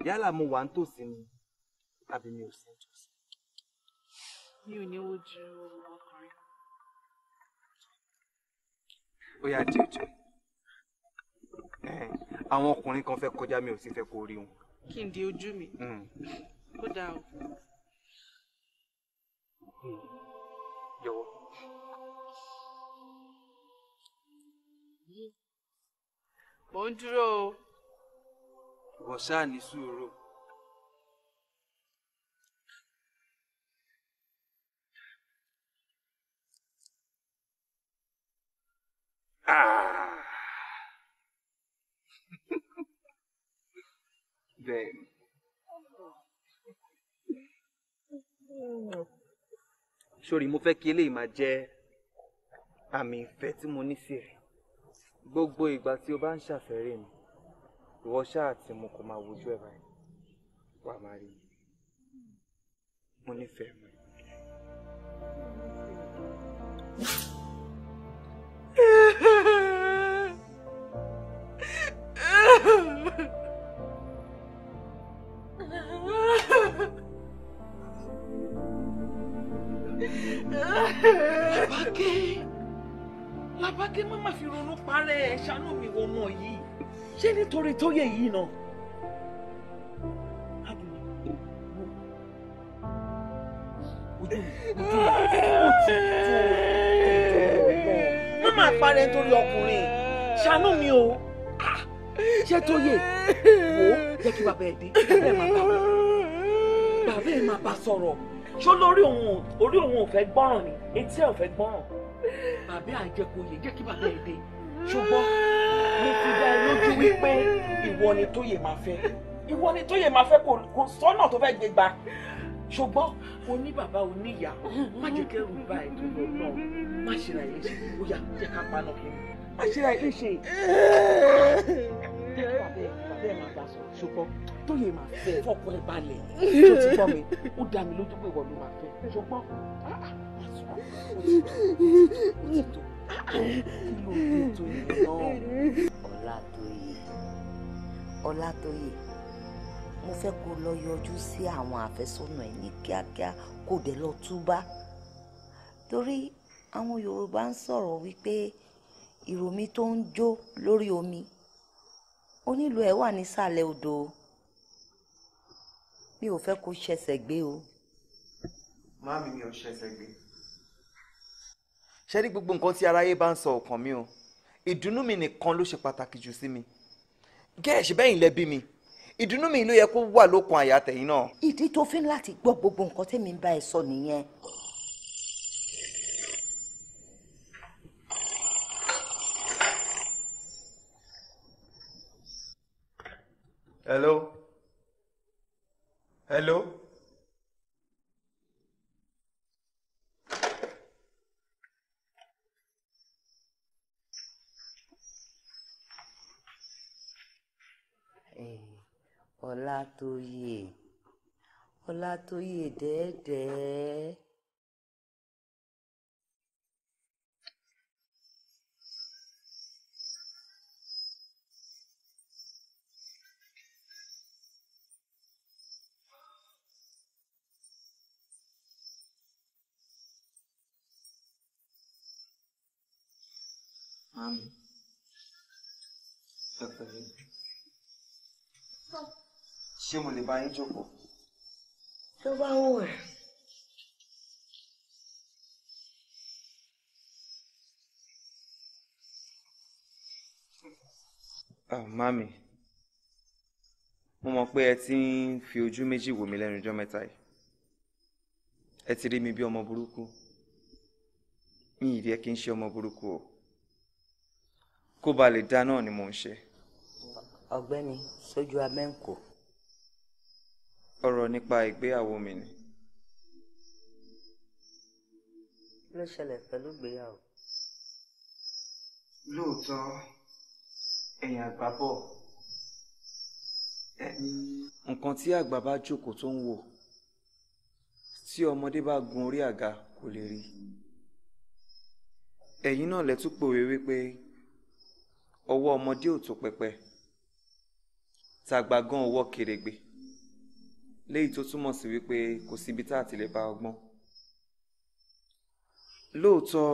yálà mo wà nítòsí ni tàbí mi ò sí nítòsí. mi ò ní wojú ọkùnrin. ó yá jẹjẹ àwọn ọkùnrin kan fẹ́ kọjá mi ò sì fẹ́ kó rí wọn. kí n di ojú mi. Hmm ó dáa o. jọ̀wọ́. mò ń dúró o. wọ́n ṣáà ní sùúrù. Ah. Bẹ́ẹ̀ni. sórí mo fẹ́ kí eléyìí máa jẹ́ àmì ìfẹ́ tí mo ní sí ẹ gbogbo ìgbà tí o bá ń ṣàfẹ́rẹ́ mi ìwọ ṣáà tí mo kò máa wojú ẹ báyìí wà á máa rí mi mo nífẹ̀ẹ́ mi. kí má má fi ronú parẹ́ ẹ̀ ṣàánú mi wọ ọmọ yìí ṣé nítorí tó yẹ yìí náà. má parẹ́ nítorí ọkùnrin ṣàánú mi o ah, ṣé tó yẹ wò ó jẹ́ kí bàbá ẹ̀ dé bàbá ẹ̀ máa bá bàbá ẹ̀ máa bá sọ̀rọ̀ ṣó lórí òun òun ò fẹ́ gbọ́ràn ni etí ẹ̀ ò fẹ́ gbọ́ràn bàbá àjẹkù yìí jẹ́ kí bàbá ẹ̀ dé ṣùgbọ́n mo fi dá ẹ lójú wípé ìwọ ni tó yè máa fẹ́ ìwọ ni tó yè máa fẹ́ kò sọ́nà tó fẹ́ gbé ṣùgbọ́n o bàbá o ìyá má jẹ́ kẹ́rù bá ẹ̀ tó lọ náà má ṣe ra ẹ̀ léṣe ó jẹ́ ká paná kiri má ṣe ra ẹ̀ léṣe kí bàbá ẹ bàbá ẹ máa bá sọ ṣùgbọ́n tó yẹ máa fẹ́ fọkàn ẹ balẹ̀ tó ti gbọ́ mi ó dá mi lójú pé ìwọ ló máa fẹ́ Ọlátóyè ah, ah, Ọlátóyè mo fẹ́ kó lọ yọjú sí àwọn àfẹ́sọ́nà ẹ̀ ní kíákíá kó dẹ̀ lọ túbá torí àwọn Yorùbá ń sọ̀rọ̀ wípé ìròmí tó ń jó lórí omi onílù ẹ̀ wà nísàlẹ̀ odò o mi ò fẹ́ kó ṣẹ̀ṣẹ̀ gbé o. máàmì mi ò ṣẹ̀ṣẹ̀ gbé. ṣé rí gbogbo nǹkan tí aráyé bá ń sọ ọkàn mi o ìdùnnú mi nìkan ló ṣe pàtàkì jù sí mi gẹ́ẹ̀ṣì bẹ́yìn lẹ́bí mi ìdùnnú mi ló yẹ kó wà lókun àyà tẹ̀yìn náà. ìdí tó fi ń láti gbọ́ gbogbo nǹkan tẹ́mi ń bá ẹ sọ nìyẹn hello hello. Eh, Ọlátóyè Ọlátóyè dẹ́ẹ́dẹ́ẹ́. ṣé mo lè bá yín jókòó. tó bá wù ẹ́. Ah, mami mo mọ̀ pé ẹ ti ń fi ojú méjì wò mí lẹ́nu ọjọ́ mẹ́ta yìí ẹ ti rí mi bí ọmọ burúkú mi ì rí ẹ kí n ṣe ọmọ burúkú o kó ba lè dá náà ni mò ń ṣe. ọ̀gbẹ́ni sójú abẹ́ǹkò ọ̀rọ̀ nípa ìgbéyàwó mi ni. kí ló ṣẹlẹ̀ pẹ̀lú ìgbéyàwó. lóòótọ́ ẹ̀yin àgbà bọ̀ ẹni. nǹkan tí àgbà bá jókòó tó ń wò tí ọmọdé bá gun orí àga kò lè rí ẹ̀yin náà lẹ́tún pòwe wípé ọwọ́ ọmọdé ò tó pẹpẹ tàgbà gan ọwọ́ kèrègbè léyìí tó túmọ̀ sí wípé kò síbi tá a ti lè bá ọgbọ́n lóòótọ́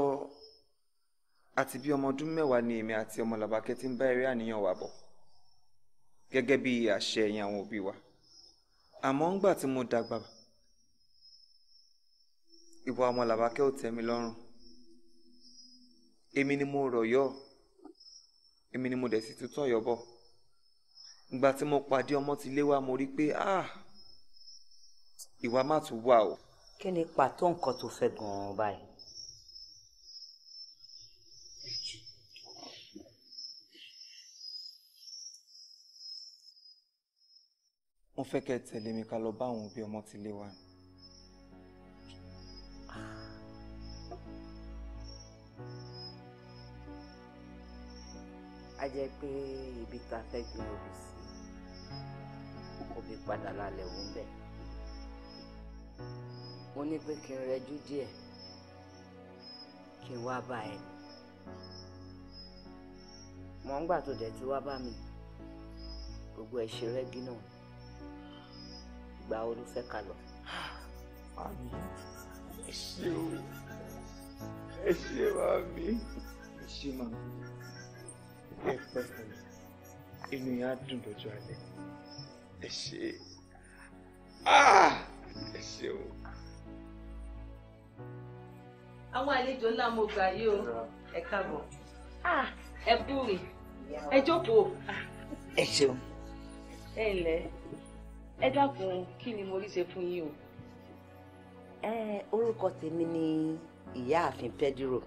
àti bí ọmọ ọdún mẹ́wàá ni èmi àti ọmọ làbákẹ́ ti ń bá eré àníyàn wa bọ̀ gẹ́gẹ́ bí àṣẹ ẹ̀yìn àwọn òbí wa àmọ́ ńgbà tí mo dàgbà ìwà ọmọ làbákẹ́ ò tẹ́ lọ́rùn èmi ni mo rọ̀ yọ̀ èmi ni mo dẹ̀ sì tuntun ọ̀yọ́ bọ̀ ìgbà tí mo pàdé ọmọ ti lé wa mo rí pé ah ìwà má tún wà o. kí ni pàtó nǹkan tó fẹ́ gan-an báyìí. mo fẹ́ kẹ́ tẹ̀lé mi ká lọ bá àwọn òbí ọmọ ti lé wa. a jẹ́ pé ibi tá a fẹ́ gbé òbí sí òbí padà lálẹ́ òun bẹ́ẹ̀ mo ní pé kí n rẹjú díẹ̀ kí n wá bá ẹ mọ̀ ń gbà tó dẹ̀ ti wá bá mi gbogbo ẹ̀ ṣe rẹ́gí náà gba olùfẹ́ ká lọ. Mami, ẹ ṣe o, ẹ ṣe mami, ẹ ṣe mami, ẹ pẹ́ fún mi, inú yẹn á dùn lójú alẹ́, ẹ ṣe. Ah! ṣe o. àwọn àlejò ńlá mo gbà yìí o ẹ káàbọ̀ ah, ẹ kú ẹ jókòó. ẹ ṣeun. ẹ ǹlẹ́ ẹ dákun kí ni mo rí ṣe fún yín o. orúkọ Pedro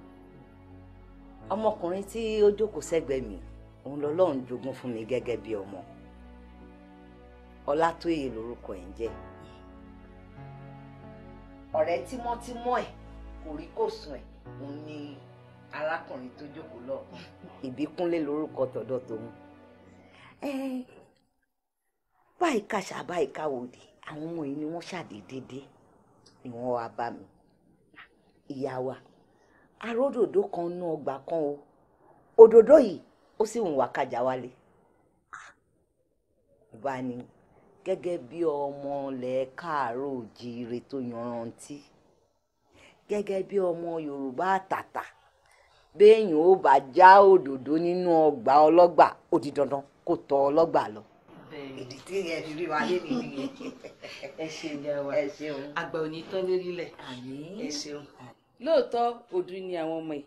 ọmọkùnrin tí ó jókòó mi òun lọ́lọ́run jogún fún mi gẹ́gẹ́ bí ọmọ ẹ̀ ń ọ̀rẹ́ tímọ́tímọ́ ẹ̀ kò rí kò sùn ẹ̀ òun ni arákùnrin tó jókòó lọ. ìbíkúnlé lórúkọ tọ̀dọ̀ tòun. báyìí kàṣà báyìí káwòdì àwọn ọmọ yìí ni wọ́n ṣàdédé dé ni wọ́n wá bá mi. ìyá wa aródòdó kan nú ọgbà kan o òdòdó yìí ó sì ń wá kájà wálé. bá a gẹ́gẹ́ bí ọmọ ilẹ̀ káàárọ̀ òjíire tó yanrantí gẹ́gẹ́ bí ọmọ Yorùbá àtàtà béèyàn ó bá já òdòdó nínú ọgbà ọlọ́gbà ó di dandan kó tọ ọlọ́gbà lọ. ìdí tí ẹ fi rí wa lé nìyí. ẹ ṣe ìyá wa ẹ ṣeun àgbà ò ní tán lérílẹ̀ ẹ ṣeun. lóòótọ́ odù ni àwọn ọmọ ẹ̀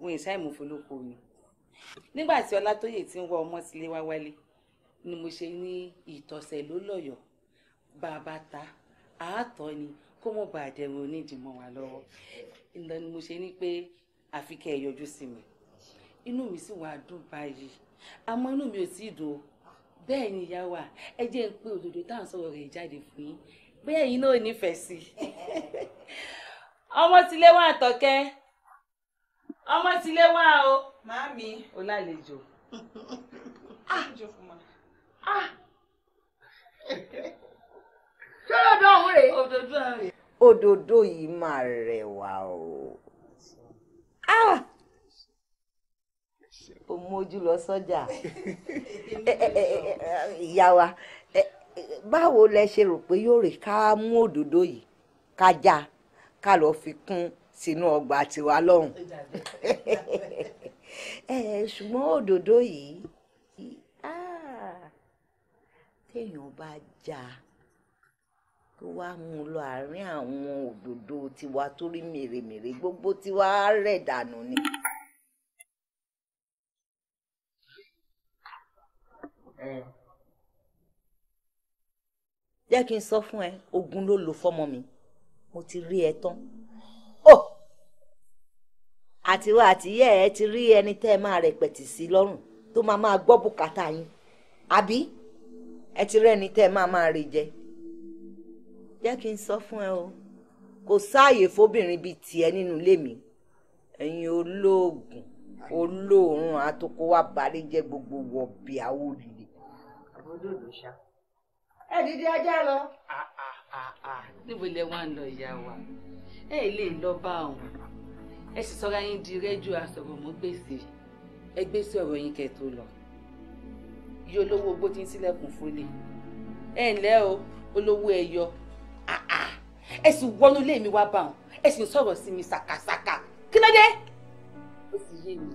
wọn ì sáì mú folóko mi nígbà tí Ọlátóyè ti ń wọ ọmọ sílé wá wálé ni mo ṣe ní ìtọ̀sẹ̀ ló lọ́yọ̀ bàbá ta àátọ́ ni kó mọ̀ bá àdẹ̀wò onídìí mọ́ wa lọ́wọ́ ìlọ ni mo ṣe ní pé àfi kẹ́ ẹ yọjú sí mi inú mi sì wà dùn báyìí àmọ́ inú mi ò tí ì dùn bẹ́ẹ̀ ni ìyá wa ẹ jẹ́ ń pé òdodo tá à ń sọ̀rọ̀ rẹ̀ jáde fún yín bẹ́ẹ̀ yín náà nífẹ̀ẹ́ sí i ọmọ tilé wà tọ́kẹ́ ọmọ tilé wà o. màámi. o lálejò. ah ṣọlọ́dọ̀ òun rèé. òdòdó rèé. òdòdó yìí máa rẹwà o. Ah! o mójú lọ sọ́jà ìyá wa báwo lẹ ṣe rò pé yóò rè ká mú òdòdó yìí ká já ká lọ fi kún sínú ọgbà tiwa lọ́hùn ṣùgbọ́n òdòdó yìí ah téèyàn bá já a tó wá mú lọ àárín àwọn òdòdó tiwa tó rí mèremère gbogbo tiwa rẹ̀ dànù ni. jẹ́ kí n sọ fún ẹ ogun ló lò fọ́mọ mi mo ti rí ẹ tán àtiwá àtìyẹ́ ẹ ti rí ẹni tẹ́ ẹ máa rẹpẹ̀tì sí lọ́rùn tó máa máa gbọ́ bùkátà yín àbí ẹ ti rẹ́ni tẹ́ ẹ máa máa rè jẹ jẹ́ kí n sọ fún ẹ o kò sáàyè fóbìnrin bíi tiẹ̀ nínú ilé mi ẹ̀yin olóògùn olóòórùn àtòkò wa balẹ̀ jẹ́ gbogbo wọ̀bì àwòrìlè. àbúrò ló ṣá. ẹ dìde ajá lọ. níbo lẹ wá ń lọ ìyá wa ẹ lè lọ bá òun ẹ sì sọra yín di rẹ́jù àsọ̀rọ̀ mọ́ gbèsè ẹ gbèsè ọ̀rọ̀ yín kẹ́ tó lọ iye olówó ogbó ti ń sílẹ̀kùn fúnlé ẹ ǹlẹ́ o olówó ẹyọ ẹ sì wọnú ilé mi wá bá wọn ẹ sì ń sọ̀rọ̀ sí mi ṣàkàṣàkà kí ló dé ó sì yé mi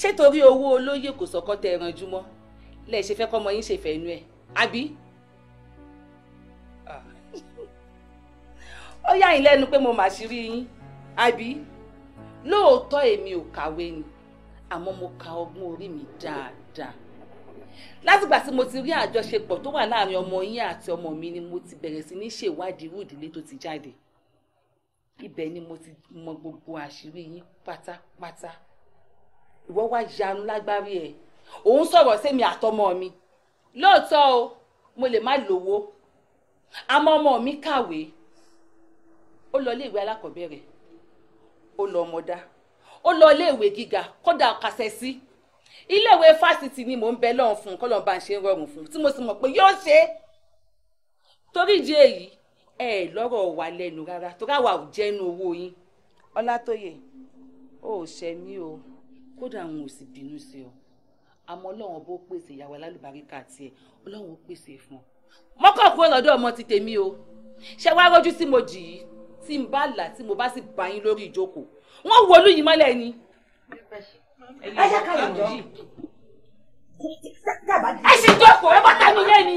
ṣé torí owó olóyè kò sọ̀kọ́ tẹ ẹranjú mọ́ lẹ́ẹ̀ ṣe fẹ́ kọ́mọ yín ṣe fẹ́nu ẹ̀ àbí. ó yà yín lẹ́nu pé mo mà sí rí yín àbí lóòótọ́ èmi ò kàwé ni àmọ́ mo ka ọgbọ́n orí mi dáadáa látìgbà tí mo ti rí àjọṣepọ̀ tó wà láàrin ọmọ yín àti ọmọ mi ni mo ti bẹ̀rẹ̀ sí ní ṣèwádìí irú ìdílé tó ti jáde ibẹ̀ ni mo ti mọ gbogbo àṣírí yín pátápátá ìwọ wá yanu lágbárí ẹ̀ òun sọ̀rọ̀ sẹ́mi àtọmọ mi lóòótọ́ o mo lè má lówó àmọ́ ọmọ mi kàwé ó lọ iléèwé alákọ̀ọ́bẹ̀rẹ̀ ó lọ ọmọdá ó lọ iléèwé gíga kódà kàṣẹ sí. Si iléèwé fásitì ni mò ń bẹ lọ́hùn fún kọ́lọ́n bá ń ṣe rọrùn fún tí mo sì mọ̀ pé yóò ṣe é torí ìdí èyí ẹ lọ́rọ̀ wà lẹ́nu rárá torí àwa ò jẹ́nu owó yín ọlátóyè ó ṣe mí o kódà òun ò sì bínú sí ọ àmọ́ ọlọ́run bó pèsè ìyàwó alálùbáríkà tiẹ̀ ọlọ́run ó pèsè fún ọ mọ́kàn kúrò lọ́dọ̀ ọmọ ti tèmi o ṣé wàá rọjú tí mo jì yìí tí n bá là tí mo bá sì bá yín lórí ìjókòó wọ́n wọlú yìí mọ́lẹ̀ ni ẹ jẹ́ ká lè jọ ẹ sì jókòó ẹ bọ́ta mi lé ni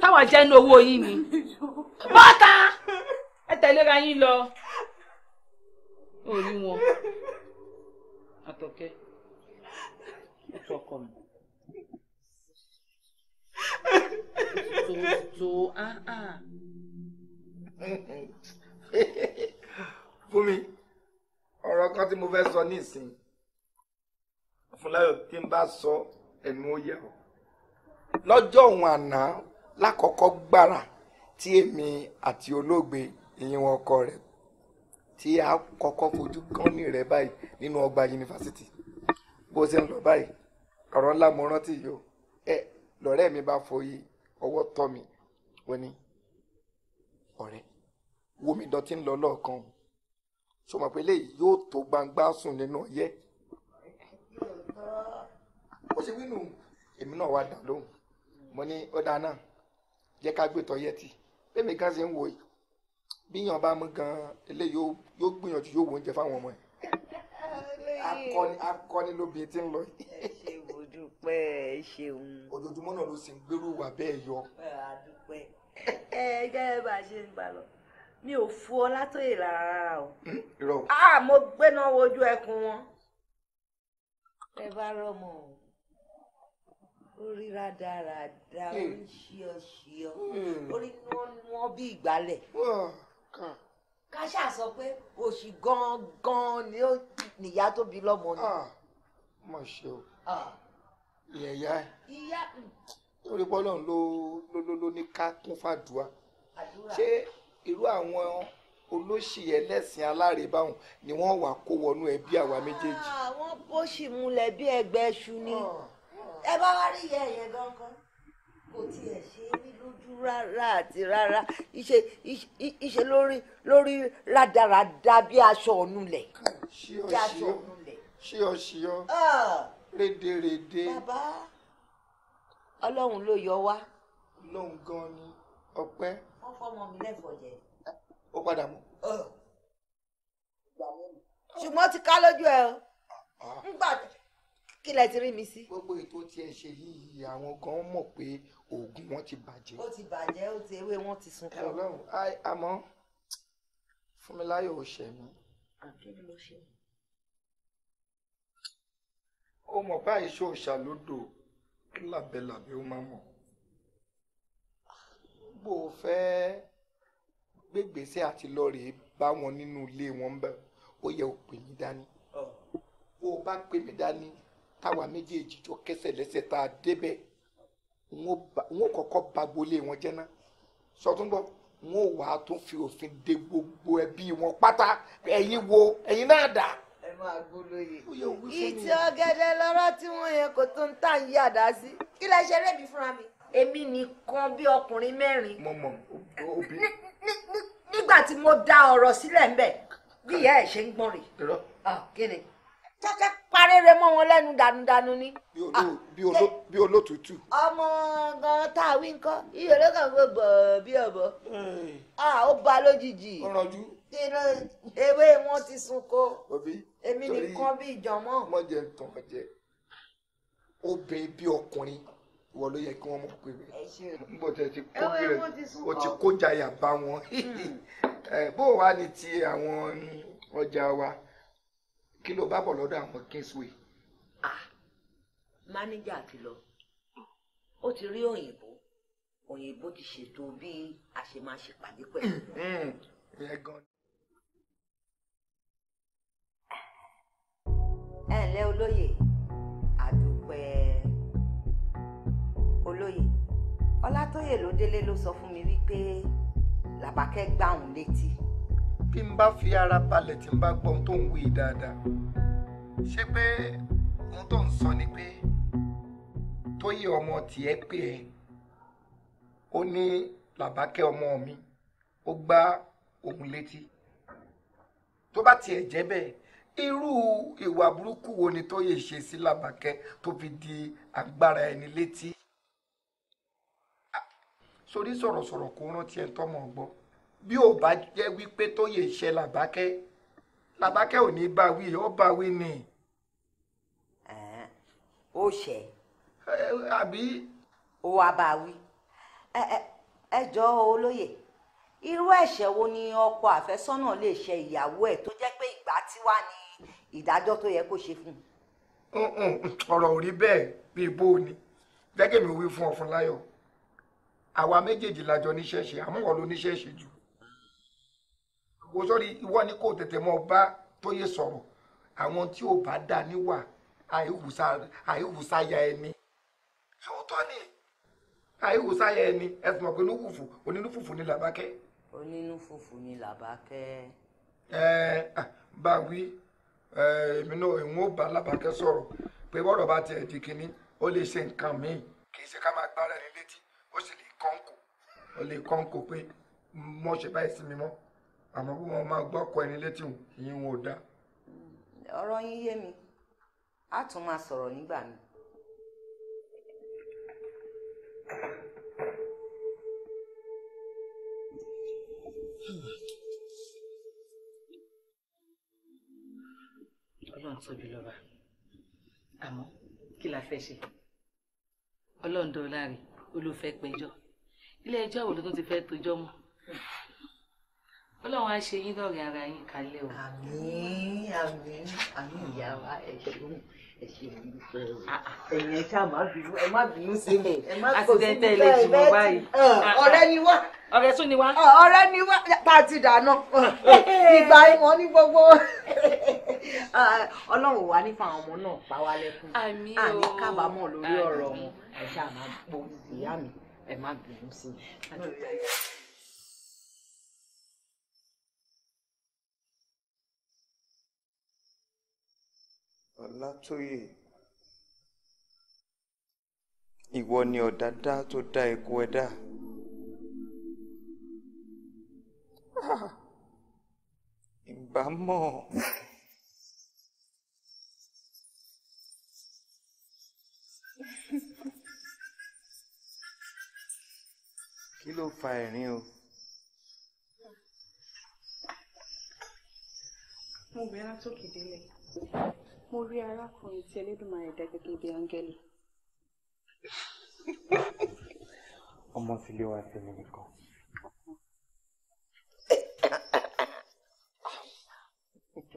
táwọn jẹ́ inú owó yín ni bọ́ta ẹ tẹ̀léra yín lọ orí wọn àtọ̀kẹ́ ó tún ọkọ mi tó áhà. Ah, ah. fún mi ọ̀rọ̀ kan tí mo fẹ́ sọ nísìnyí Fúnláyọ̀ tí ń bá sọ ẹnu ó yẹ̀rọ lọ́jọ́ òun àná lákọ̀ọ́kọ́ gbára tí èmi àti olóògbé ìyẹn wọn ọkọ rẹ̀ tí a kọ́kọ́ fojú kánní rẹ̀ báyìí nínú ọgbà yunifásitì bó ṣe ń lọ báyìí ọ̀rọ̀ ńlá mo rántí yìí o ẹ lọ́rẹ́ mi bá foyí ọwọ́ tọ́ mi wọ́n ní ọ̀rẹ́ wo mi dọ̀tí ń lọ lọ́ọ̀kan o ṣọmọ pé eléyìí yóò tó gbangba sùn nínú ọyẹ́ ó ṣe wínú èmi náà wá dá lóhùn mo ní ó dáa náà jẹ́ ká gbé tọ́ yẹtì bẹ́ẹ̀ mi gan ṣe ń wo yìí bíyàn bá mú gan eléyìí yóò gbìyànjú yóò wo oúnjẹ fáwọn ọmọ ẹ̀ akọni akọni lóbi tí ń lọ ẹ ṣe mo ẹ ṣeun. ojoojúmọ́ náà ló sì ń gbèrú wà bẹ́ẹ̀ yọ. a ẹ gẹ́gẹ́ bá a ṣe ń gbà lọ mi ò fu ọ látòyè rárá o. Hmm, irọ́ ah, mo gbéná wojú ẹkùn wọn tẹ bá rọmọ orí rádaràda orí ṣíọṣíọ orí wọn bí ìgbálẹ̀ káṣá sọ pé òṣì gangan ni ó nìyá tó bí lọ́mọ ni. Ah, mo ṣe o ìyẹ̀yà ah. ìyá hmm. torí bọ́lọ̀ ló ló ló ní ká kún fàdúrà ṣé irú àwọn olóṣì ẹlẹ́sìn alárèbáhùn ni wọ́n wà kó wọnú ẹbí àwa méjèèjì. àwọn ah, bó ṣì múlẹ̀ bí ẹgbẹ́ ẹṣu ni ah, ẹ bá wá rí ìyá ẹ̀yẹ gangan kò tiẹ̀ ṣe é ní lójú rárá àti rárá ìṣe ìṣe lórí lórí rádaràda bí aṣọ ọ̀nulẹ̀. ṣíọ ṣíọ ṣíọ ṣíọ rédèrèdè. bàbá ọlọ́run ló yọ wá. ọlọ́run gan ni ọpẹ́. wọ́n fọmọ mi lẹ́fọ̀ọ́ jẹ ó padà mú. ṣùgbọ́n ti ká lójú ẹ o nígbà ah, ah. kí ti rí mi sí. gbogbo ètò tí ṣe yìí àwọn gan mọ̀ pé oògùn wọn ti bàjẹ́. ó ti bàjẹ́ ó ti ewé wọn ti sun kọ. ọlọ́run àmọ́ Fúnmiláyọ̀ ò ṣẹ̀ mí. ó mọ̀ pé àìṣe òòṣà lódò lábẹ́lábẹ́ ó máa mọ̀. bó fẹ́ẹ́ gbégbèsè àti lọ rèé bá wọn nínú ilé wọn bẹ ó yẹ ó pè dání bó o bá pè mí dání táwa méjèèjì tó kẹsẹ̀ lẹ́sẹ̀ tá a débẹ̀ n ó kọ́kọ́ ba gbolé wọn jẹ́ náà sọtúnbọ̀ n ó wàá tún fi òfin de gbogbo ẹbí wọn pátá ẹ̀yin wo ẹ̀yin náà dà máa gbólóye. ìtì ọ̀gẹ̀dẹ̀ lọ́rọ̀ tí wọ́n yẹn kò tó ń tà ń yí àdá sí. kí lẹ ṣe rébi fúnra mi. èmi nìkan bí ọkùnrin mẹ́rin. mọ̀mọ́ obìnrin nígbà tí mo dá ọ̀rọ̀ sílẹ̀ ńbẹ̀ bí ìyá ẹ̀ ṣe ń gbọ́n rè kíni jẹ́jẹ́ parẹ́rẹ́ mọ́ wọn lẹ́nu danudanu ni. bí olótùtù. ọmọ gan tá a wí nǹkan iye olókàn fún bọ̀ bí ọ̀bọ. Hmm. ó ba lójijì. ó rànjú. inú ewé wọn ti sunko. èmi nìkan bí ìjọmọ. wọ́n jẹ nǹkan jẹ obìnrin bí ọkùnrin wọ́n ló yẹ kí wọ́n mọ̀ pé nígbà tó ti kó bẹ̀rẹ̀ o ti kó jàyà bá wọn hmm. bó wàá ní ti àwọn ọjà wa kí ló bá bọ̀ lọ́dọ̀ àwọn kingsway. mánéjà ti lọ ó ti rí òyìnbó òyìnbó ti ṣètò bí a ṣe máa ṣèpàdé pẹ̀lú. Hmm, hmm, ẹ ǹlẹ́ olóyè. ọlátòyè ọlátòyè ló délé ló sọ fún mi wípé làbákẹ́ gbà òun létí. bí n bá fi ara balẹ̀ tí n bá gbọ́ ohun tó ń wí dáadáa ṣé pé ohun tó ń sọ ni pé tóyè ọmọ tiẹ̀ pè é ó ní làbákẹ́ ọmọ mi ó gbá òun létí tó bá tiẹ̀ jẹ́ bẹ́ẹ̀ irú ìwà burúkú wo ni tóyè ṣe sí làbákẹ́ tó fi di agbára ẹni létí sórí sọ̀rọ̀sọ̀rọ̀ kò rántí ẹ̀ tọ́mọ̀ gbọ́ bí ò bá jẹ́ wípé tó yẹ iṣẹ́ làbákẹ́ làbákẹ́ ò ní bá wí ọ bá wí ni. ó ṣe. àbí. ó wá bá wí ẹ jọ̀ọ́ olóyè irú ẹ̀ṣẹ̀ wo ni ọkọ àfẹ́sọ́nà lè ṣe ìyàwó ẹ̀ tó jẹ́ pé ìgbà tiwa ni ìdájọ́ tó yẹ kó ṣe fún un. ọ̀rọ̀ ò rí bẹ́ẹ̀ bíi bó o ni jẹ́ kí èmi wí fún ọ fún láyọ̀ àwa méjèèjì lájọ níṣẹ́ ṣe àmọ́ wọ́n ló níṣẹ́ ṣe jù wo sọ́rí ìwọ ni kò tètè mọ bá tóyè sọ̀rọ̀ àwọn tí ò bá dà níwà àìwùsáyà ẹni sóòótọ́ ni àìwùsáyà ẹni ẹ̀sùn mọ̀ pé onínúfùfù onínúfùfù ni làbákẹ́. onínúfùfù ni làbákẹ́. ẹ ẹ bá wí èmi náà ìwọ̀n ò bá làbákẹ́ sọ̀rọ̀ pé bọ́dọ̀ bá tiẹ̀ di kínní ó lè ṣe nǹkan míì kì í ṣe ká máa gbára ẹni ó lè kọ́ ń kó pé mo ṣe báyìí sí mi mọ́ àmọ́ bí wọ́n máa gbọ́ ọkọ ẹni létí òun ìyẹn wọn ò dáa. ọ̀rọ̀ yín yé mi á tún máa sọ̀rọ̀ nígbà mi. ọlọ́run tóbi lọ́ba àmọ́ kí la fẹ́ ṣe ọlọ́run dọ́ọ́lá rẹ̀ ó ló ilé ẹjọ́ wo ló tún ti fẹ́ tójọ́ mọ́ ọlọ́run á ṣe yín lọ́rẹ̀ ara yín kalẹ̀ o. àmín àmín àmín ìyá wa ẹ ṣeun ẹ ṣeun dúpẹ́ o ẹ̀yin ẹ ṣáà má bínú ẹ má bínú sílẹ̀ ẹ má kó sílẹ̀ àtìlẹ́tẹ̀ ilé ìjùmọ̀ báyìí. ọ̀rẹ́ ni wá. ọ̀rẹ́ tún ni wá. ọ̀rẹ́ ni wá pàtì dáná ìgbà ìwọ̀n ní gbogbo ọlọ́run wà nípa àwọn ọmọ náà pa wá lẹ́kùn àmì kábàámọ̀ lórí ọ̀rọ̀ wọn ẹ ṣáà má gbóhùn sí àmì ẹ má bínú sí mi. ọlátóyè ìwọ ni ọ̀dádá tó dá ikú ẹ̀dá. ìbámọ̀. ló fa ẹ̀rín o. mo bẹ látòkè délẹ̀ mo rí arákùnrin tí Elédùmarè dá gẹ́gẹ́ bí áńgẹ́lì. ọmọ ti lé wa sí mi nìkan.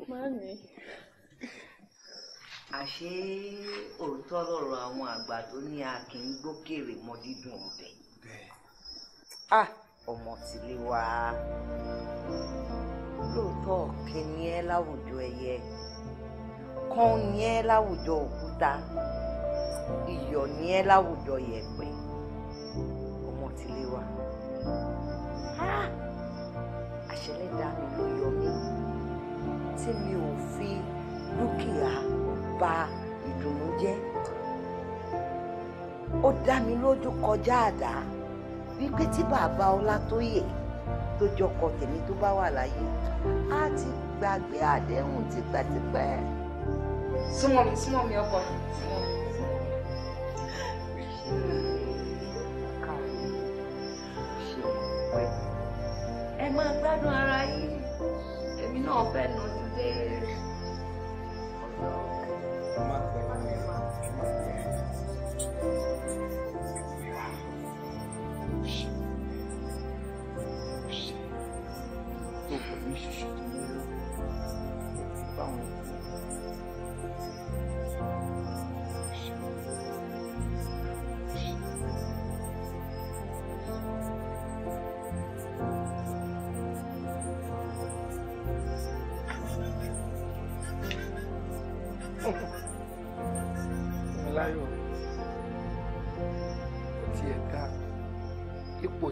Mami. Àṣé òótọ́ lọ̀rọ̀ àwọn àgbà tó ní a kì í gbókèrè mọ́ dídùn ọbẹ̀. Ah, ọmọ tìlé wa lóòótọ́ ọ̀kẹ́ ni ẹ́ láwùjọ ẹyẹ kan ni ẹ́ láwùjọ òkúta iyọ̀ ni ẹ́ láwùjọ yẹ̀pẹ̀ ọmọ tìlé wa ah! àṣẹlẹ́dá mi ló yọ mí tí mi ò fi dúkìá bà ìdùnnú jẹ́ ó dá mi lójú kọjá àdá wípé tí bàbá Ọlátóyè tó jọkọ tèmi tó bá wà láyé á ti gbàgbé àdéhùn tipẹ́tipẹ́. súnmọ́ mi súnmọ́ mi ọkọ ẹ máa gbádùn ara yín èmi náà fẹ́ nù ní.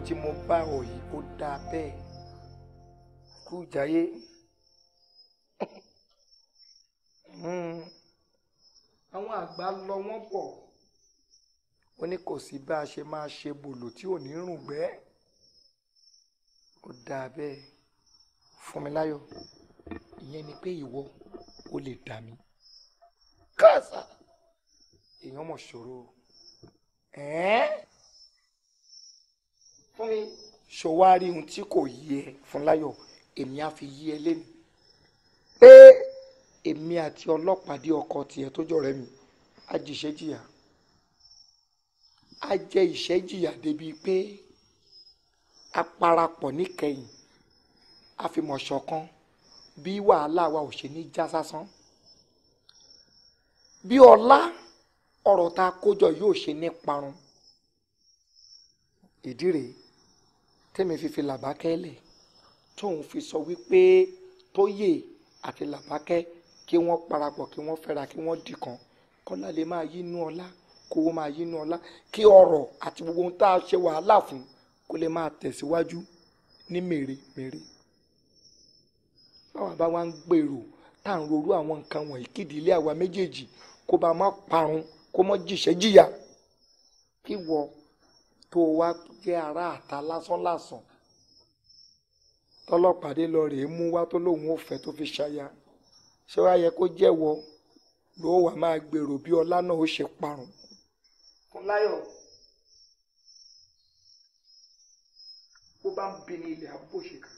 tí mo bá ọ yìí ó dáa bẹ́ẹ̀ tó jayé hmm. àwọn àgbà lọ wọ́n bọ̀ ó ní kò sí bá a ṣe máa ṣe bòlò tí ò ní rùn gbẹ́ ó dáa bẹ́ẹ̀ fún mi láyọ̀ ìyẹn ni pé ìwọ ó lè dà mí káàsà èèyàn mọ̀ ṣòro fún mi ṣòwárí ohun tí kò yẹ fún láyọ̀ èmi á fi yí ẹ lẹ́nu pé èmi àti ọlọ́pàá dé ọkọ tiẹ̀ tó jọ̀rẹ́ mi á jẹ ìṣẹ́jìyà á jẹ ìṣẹ́jìyà débi pé a parapọ̀ níkẹyìn a fi mọ̀ ṣọ̀kan bí wàhálà wa ò ṣe ní já sásán bí ọlá ọ̀rọ̀ tá a kójọ yóò ṣe ní parun ìdí rèé tẹ́mi fífi làbákẹ́ lẹ̀ tóun fi sọ wípé tóyè àti làbákẹ́ kí wọ́n parapọ̀ kí wọ́n fẹ́ra kí wọ́n dìkan kọ́lá lè máa yínú ọlá kówó máa yínú ọlá kí ọrọ̀ àti gbogbo ohun tá a ṣe wàhálà fún kó lè máa tẹ̀síwájú ní mèremère báwa bá wá ń gbèrò tá à ń rorú àwọn nǹkan wọ̀nyí kí ìdílé àwa méjèèjì kó bá má parun kó má jìṣẹ́ jìyà kí wọ́n tó wá jẹ́ ará àta lásánlàsàn tọ́lọ́pàá dé lọ rèé mú wá tó lóun ò fẹ́ tó fi ṣaya ṣé wàá yẹ kó jẹ́wọ́ ló wà máa gbèrò bí ọlá náà ó ṣe parun. Fúnláyọ̀ bó bá ń bi ní ilẹ̀ abóṣeka.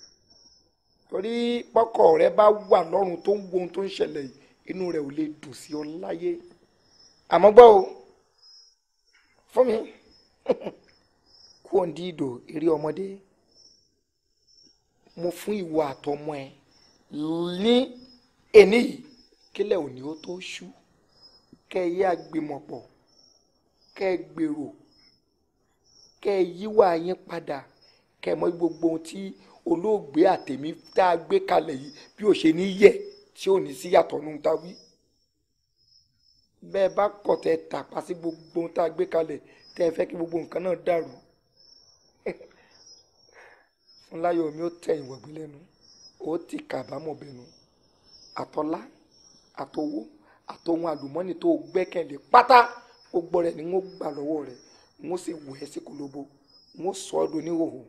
torí pọ́kọ̀ rẹ bá wà lọ́rùn tó ń wo ohun tó ń ṣẹlẹ̀ yìí inú rẹ ò lè dùn sí ọ láyé àmọ́ gbọ́ o fún mi kú òǹdí ìdò eré ọmọdé mo fún ìwọ àtọmọ ẹ ní ẹni yìí kílẹ̀ òní ó tó ṣú kẹ́ ẹ yé agbèmọ̀pọ̀ kẹ́ ẹ gbèrò kẹ́ ẹ yíwà yín padà kẹ́ ẹ mọ gbogbo ohun tí olóògbé àtẹ̀mí tá a gbé kalẹ̀ yìí bí ó ṣe ní yẹ tí ò ní sí yàtọ̀ nù tá wí bẹ́ẹ̀ bá kọ̀ tẹ́ tàpá sí gbogbo ohun tá a gbé kalẹ̀ tẹ́ ẹ fẹ́ kí gbogbo nǹkan náà dàrú fúnláyọ̀ mi ó tẹ ìwọ̀gbìn lẹ́nu ó ti kàbámọ̀ bẹ̀nu àtọ́lá àtowó àtohun àlùmọ́nì tó gbẹ́kẹ̀lé pátá ó gbọ́ rẹ̀ ni wọ́n gbà lọ́wọ́ rẹ̀ wọ́n sì wọ̀ ẹ́ sí kolobo wọ́n sọ ọ́ dun níhòòhò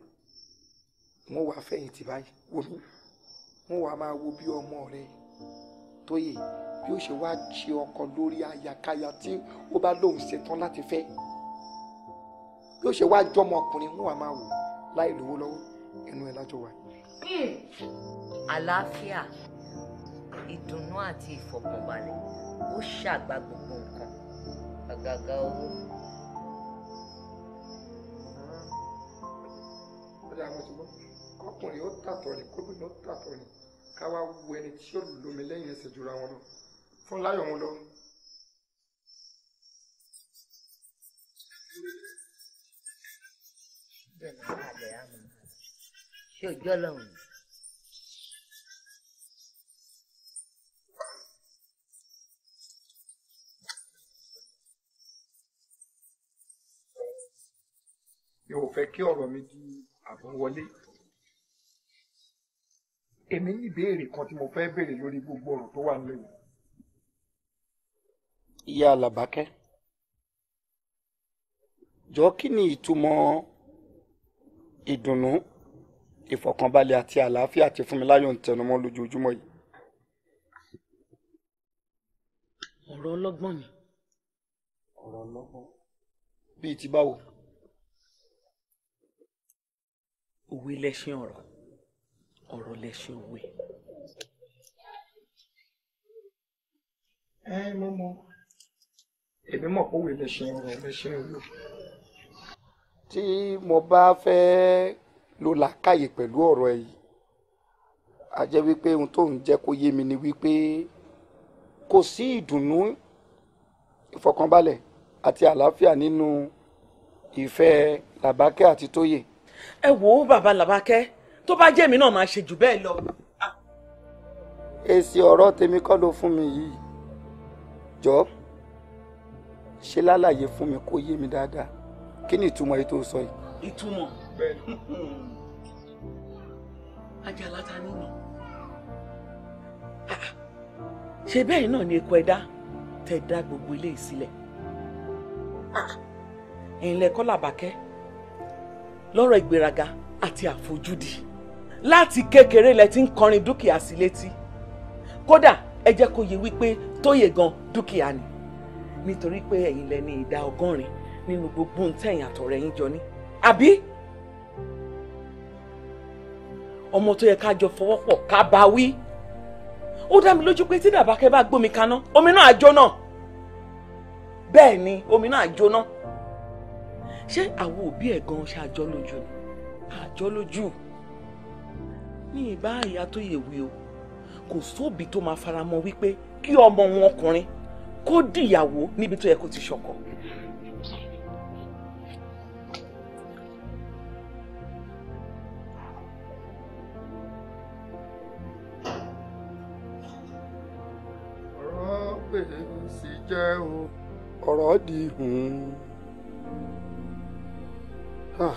wọ́n wàá fẹ̀yìntì báyìí wò mí wọ́n wàá máa wo bí ọmọ rẹ̀ tó yè bí ó ṣe wáá ṣe ọkọ lórí ayakaya tí ó bá lóun ṣetán láti fẹ́ bí ó ṣe wáá jọmọ ọkùnrin wọ́n wàá máa wò láì lówó lọ́wọ́ ẹnu ẹ̀ lájọ wà. àlàáfíà ìdùnnú àti ìfọ̀kànbalẹ̀ ó ṣàgbà gbogbo nǹkan àgàgà owó. ọjà àwọn ti gbọ́ kọkùnrin ó tàtọ̀ ni kóbìnrin ó tàtọ̀ ni ká wá ẹni tí ó lómi lẹ́yìn ẹsẹ̀ jura wọn lọ fún láyọ̀ wọn lọ. Thank you tí ò jọ́ lọ́hùn. mi ò fẹ́ kí ọ̀rọ̀ mi di àbọ̀wọlé èmi ní ìbéèrè kan tí mo fẹ́ béèrè lórí gbogbo ọ̀rọ̀ tó wà nílẹ̀ yìí. ìyá làbákẹ́ jọ kí ni ìtumọ̀ ìdùnnú ìfọ̀kànbalẹ̀ àti àlàáfíà ti fún mi láyọ̀ ń tẹnumọ́ lójoojúmọ́ yìí. ọ̀rọ̀ ọlọ́gbọ́n mi. ọ̀rọ̀ ọlọ́gbọ́n bíi ti báwo. òwe lẹṣin ọ̀rọ̀ ọ̀rọ̀ lẹṣin òwe. ẹ mo mọ èmi mọ̀ pé òwe lẹṣin ọ̀rọ̀ lẹṣin òwe. tí mo bá fẹ́ẹ́ ló làákàyè pẹ̀lú ọ̀rọ̀ ẹ̀ yìí a jẹ́ wípé ohun tó ń jẹ́ kó yé mi ni wípé kò sí ìdùnnú ìfọkànbalẹ̀ àti àlàáfíà nínú ìfẹ́ làbákẹ́ àti tóyè. ẹ wo bàbá làbákẹ́ tó bá jẹ́ mi náà máa ṣe jù bẹ́ẹ̀ lọ. èsì ọ̀rọ̀ tèmi kọ́ ló fún mi yìí jọ ṣe lálàyé fún mi kó yé mi dáadáa kí ni ìtumọ̀ èyí tó sọ yìí. ìtumọ̀. Àjàlá ta nínú ah, ṣe bẹ́ẹ̀ náà ni eku ẹ̀dá tẹ dá gbogbo ilé ìsílẹ̀ ah, ẹ̀yin lẹ́kọ́ làbákẹ́ lọ́rọ̀ ìgbéraga àti àfojúdi láti kékeré lẹ ti ń kọrin dúkìá sí létí kódà ẹ jẹ́ kó yé wípé tóyè gan dúkìá ni nítorí pé ẹ̀yin lẹ ní ìdá ọgọ́rin nínú gbogbo ntẹ̀yìn àtọ̀rẹ̀yìn jọ ní àbí ọmọ tó yẹ ká jọ fọwọ́pọ̀ ká bá wí ó dá mi lójú pé tí dàbákẹ́ bá gbómi kaná omi náà á jóná bẹ́ẹ̀ ni omi náà á jóná ṣé àwọn òbí ẹ̀ gan ṣàjọ lójú ni àjọ lójú ní ìbá ìyá tó yèwé o kò sóòbí tó máa faramọ́ wípé kí ọmọ wọn ọkùnrin kó dìyàwó níbi tó yẹ kó ti ṣọkọ. jẹ́ o ọ̀rọ̀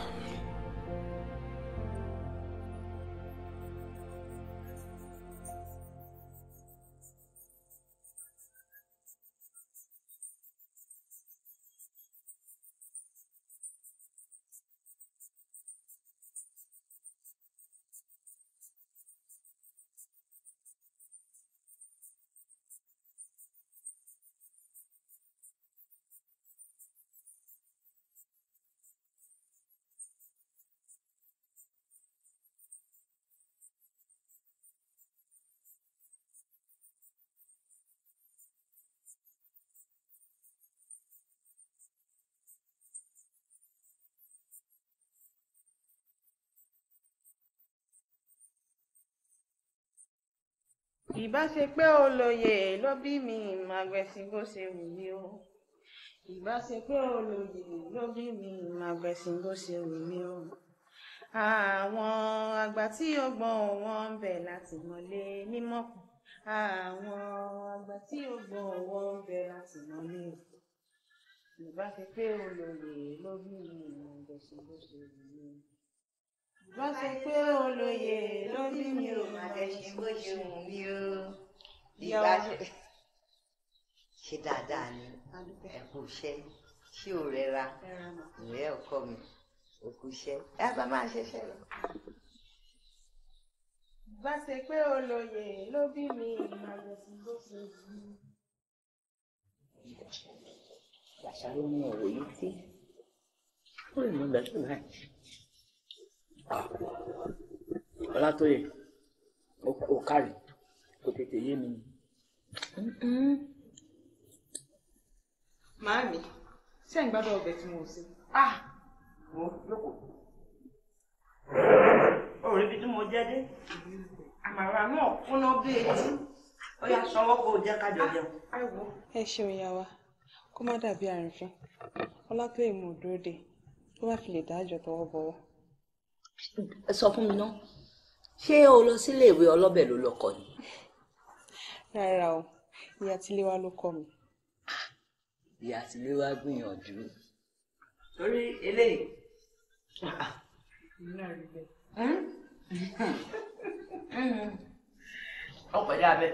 ìbá ṣe pé olóye ló bí mi ìmàgbẹ̀sí bó ṣe wù mí o ìbá ṣe pé olóye ló bí mi ìmàgbẹ̀sí bó ṣe wù mí o àwọn àgbà tí ọgbọ́n wọn ń bẹ láti mọ̀lé mímọ́kù àwọn àgbà tí ọgbọ́n wọn ń bẹ láti mọ̀lé ìbá ṣe pé olóye ló bí mi ìmàgbẹ̀sí bó ṣe wù mí o wọ́n sọ pé olóye ló bí mi ò má lè ṣe bó ṣe wù mí o ìgbà ṣe dáadáa ni ẹ̀kú iṣẹ́ ṣé ò rẹra ìrẹ́ ọkọ mi òkú iṣẹ́ ẹ bá máa ṣẹṣẹ lọ. bá ṣe pé olóye ló bí mi ìmàlẹ̀ sí bó ṣe wù mí. àṣà ló mú ọ̀rọ̀ yìí tí ó lè mọ̀ gbàgbé báyìí. Ah. Ọlátóyè ó kárì kò tètè yé mi. Màámi, ṣé ẹ̀ ń gbádùn ọbẹ̀ mo Ah! Mo ibi tí mo jẹ́ dé. Àmàrà náà kúná bí etí. Ó yà sanwó kó o jẹ́ kájọ ah, jẹun. Ẹ ṣeun ìyá kó má dàbí àrífín. Ọlátóyè mo dúró de, ọ bá fi lè dájọ́ tọwọ́ ẹ sọ fún mi náà ṣé o lọ sílé ìwé ọlọ́bẹ̀ ló lọ kọ́ ni. rárá o ìyá tiléwá ló kọ́ mi. ìyá tiléwá gbìyànjú. torí eléyìí. Hmm? Hmm. Hmm. ọ̀pẹ̀ dábẹ́.